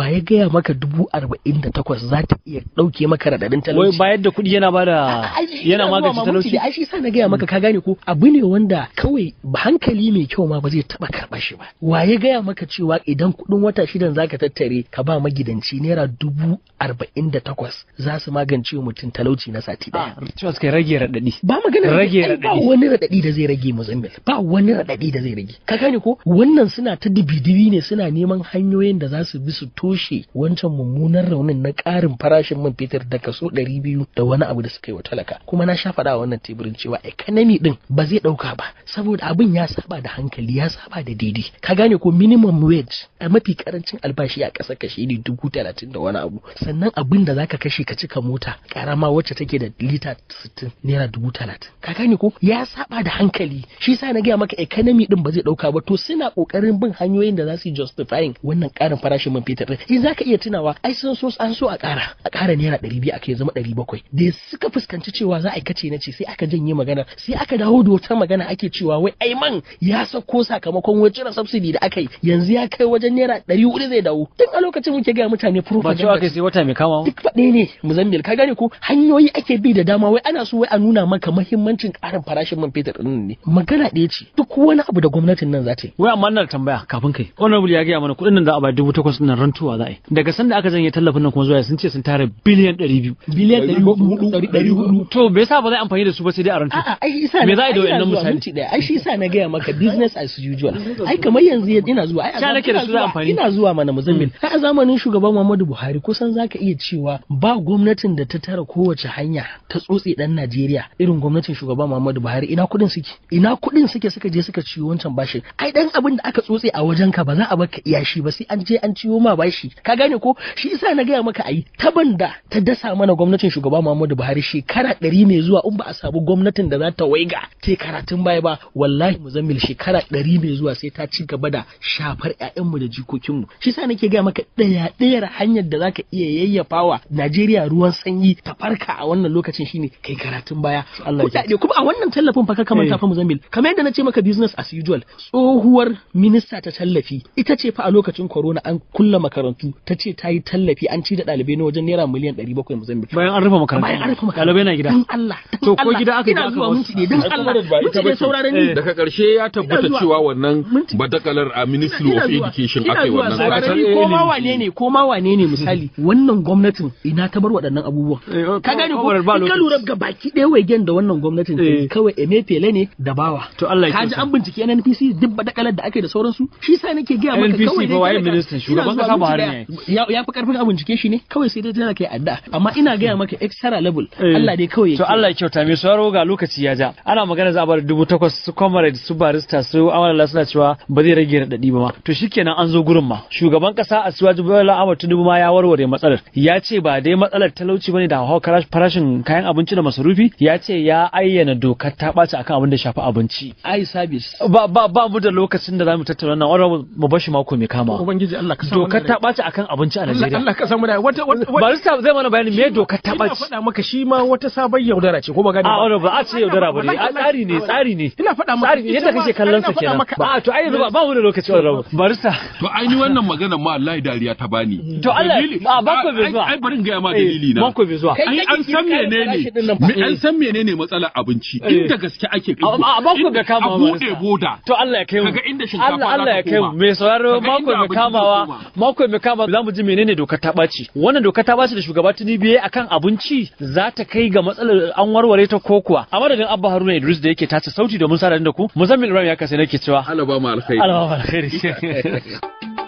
Speaker 2: wa ya gaya maka dubu arba'in da takwas za ta iya ɗauke maka radadin talauci. Wai bayar da kuɗi yana da yana magance talauci. Ai shi sa na gaya maka ka gane ko abu ne wanda kawai ba hankali mai kyau ma ba zai taɓa karɓa shi ba. Wa ya gaya maka cewa idan kuɗin wata shidan za ka tattare ka ba magidanci naira dubu arba'in da takwas za su magance mutum talauci na sati ah, ɗaya. Cewa suka rage raɗaɗi. Ba magana rage radadi. Ba wani raɗaɗi da zai rage muzammil ba wani raɗaɗi da zai rage. Ka gane ko wannan suna ta dibi-dibi ne suna neman hanyoyin da za su bi su to toshe wancan mummunan raunin na ƙarin farashin man fetur da kaso ɗari biyu da wani abu da suka yi wa talaka kuma na sha faɗa wannan teburin cewa economy ɗin ba zai ɗauka ba saboda abin ya saba da hankali ya saba da daidai ka gane ko minimum wage a mafi karancin albashi a kasar ka ne dubu talatin da wani abu sannan abin da zaka kashe ka cika mota ƙarama wacce take da lita sittin naira dubu talatin ka gane ko ya saba da hankali shi sa na gaya maka economy din ba zai ɗauka ba to suna ƙoƙarin bin hanyoyin da za su justifying wannan ƙarin farashin man fetur Zaka in eh, za iya tunawa ai sun so an so a ƙara a ƙara naira ɗari biyu aka zama ɗari bakwai da suka fuskanci cewa za a kace na ce sai aka janye magana sai aka dawo da wata magana ake cewa wai ai man ya sako sakamakon wai cire subsidy da aka yi yanzu ya kai wajen naira ɗari huɗu zai dawo tun a lokacin muke gaya mutane proof ba wa kai sai wata mai kama duk faɗe ne muzammil ka gane ko hanyoyi ake bi da dama wai ana so wai a nuna maka muhimmancin ƙarin farashin man fetur ɗin ne magana ɗaya ce duk wani abu da gwamnatin nan za ta yi wai amma tambaya kafin kai
Speaker 1: honorable ya gaya mana kuɗin nan za a bayar dubu nan rantu mutuwa za a yi daga sanda aka janye tallafin nan kuma zuwa sun ce sun tara biliyan ɗari biyu. biliyan ɗari huɗu. to me yasa ba zai yi amfani da su ba sai
Speaker 2: dai a ranta a'a ai isa me za a yi da wannan misali ai shi sa na gaya maka business as usual ai kamar yanzu ina zuwa ai a nake da su za amfani ina zuwa mana muzammil mm. a zamanin shugaban Muhammadu Buhari kusan zaka iya cewa ba gwamnatin da ta tara kowace hanya ta tsotse dan Najeriya irin gwamnatin shugaban Muhammadu Buhari ina kudin suke ina kudin suke suka je suka ciwo wancan bashi ai dan abin da aka tsotse a wajen ka ba za a baka iya shi ba sai an je an ciwo ma bashi shi ka gane ko shi isa na gaya maka ayi taban da ta dasa mana gwamnatin shugaba Muhammadu Buhari shekara ɗari ne zuwa in ba a samu gwamnatin da za ta waiga ke karatun baya ba wallahi mu zammil shekara ɗari mai zuwa sai ta ci gaba da shafar mu da jikokinmu shi sa nake gaya maka ɗaya ɗayar hanyar da zaka iya yayyafawa Najeriya ruwan sanyi ta farka a wannan lokacin shine kai karatun baya Allah ya kuma a wannan tallafin fa ka kamanta eh. fa muzammil kamar yadda na ce maka business as usual tsohuwar minista ta tallafi ita ce fa a lokacin corona an kulla makarantu makarantu ta ce ta yi tallafi an ci da ɗalibai na wajen naira miliyan ɗari bakwai Mozambique. Bayan an rufe makarantu. Bayan an rufe makarantu. Ɗalibai na gida. Dan Allah. To ko gida aka yi aka wasu. Dan Allah. Mutu ne sauraron eh. ni. Daga ƙarshe
Speaker 4: ya tabbata cewa wannan badakalar a ah, Ministry of Education aka yi wannan. Ko ma wane ne
Speaker 2: ko ma wane ne misali wannan gwamnatin ina ta bar waɗannan abubuwan. Eh, oh, ka gane ko oh, oh, ka lura ga baki ɗaya waigen da wannan gwamnatin eh. kawai emefele ne da bawa. To Allah ya ji an bincike NNPC duk badakalar da ake da sauransu shi sa nake gaya maka kawai. NNPC ba waye ministan shugaban kasa ba tambaya ya fi karfin a bincike shi ne kawai sai dai tana kai adda amma ina gaya maka extra level eh. Allah dai kawai to Allah
Speaker 1: ya kyauta mai sauraro ga lokaci ya ja ana magana za a bar dubu su comrade su barista su Allah suna cewa ba zai rage raɗaɗi ba ma to shikenan an zo gurin ma shugaban kasa a Siwaju Bola Ahmad Tinubu ma ya warware matsalar ya ce ba dai matsalar talauci bane da hawa farashin kayan abinci da masarufi ya ce ya ayyana dokar ta ɓaci akan abin da shafi abinci ai service ba ba ba mu da lokacin da zamu tattauna wannan mu bashi mako mai kama ubangiji Allah ka sa dokar ta ɓaci akan abinci a Najeriya Allah
Speaker 3: ka san da wata barista zai mana bayani me doka ta ɓaci ina faɗa maka shi ma wata sabon yaudara ce ko ba gani a ba a ce yaudara ba ne tsari ne tsari ne ina faɗa maka tsari yadda kake kallon sa kenan a to ai ba mu da lokaci
Speaker 1: barista to
Speaker 4: ai ni wannan magana ma Allah dariya ta
Speaker 1: bani to Allah a bako bai zuwa
Speaker 4: ai bari in ga ma dalili na eh, bai zuwa ai an san menene an san menene matsalar abinci
Speaker 1: eh. inda gaske ake kai a bako bai kama ba to Allah ya kai mu kaga inda shinkafa Allah ya kai mu me sauraro bako bai kamawa mai kama za mu ji menene dokar ta ɓaci wannan dokar ta ɓaci da shugaba tinubu ya akan abinci za ta kai ga matsalar an warware ta ko kuwa a madadin abba haruna idris da yake tace sauti domin sa da ku musamman ibrahim ya kasance nake cewa alaba ma alkhairi alaba ma alkhairi [laughs]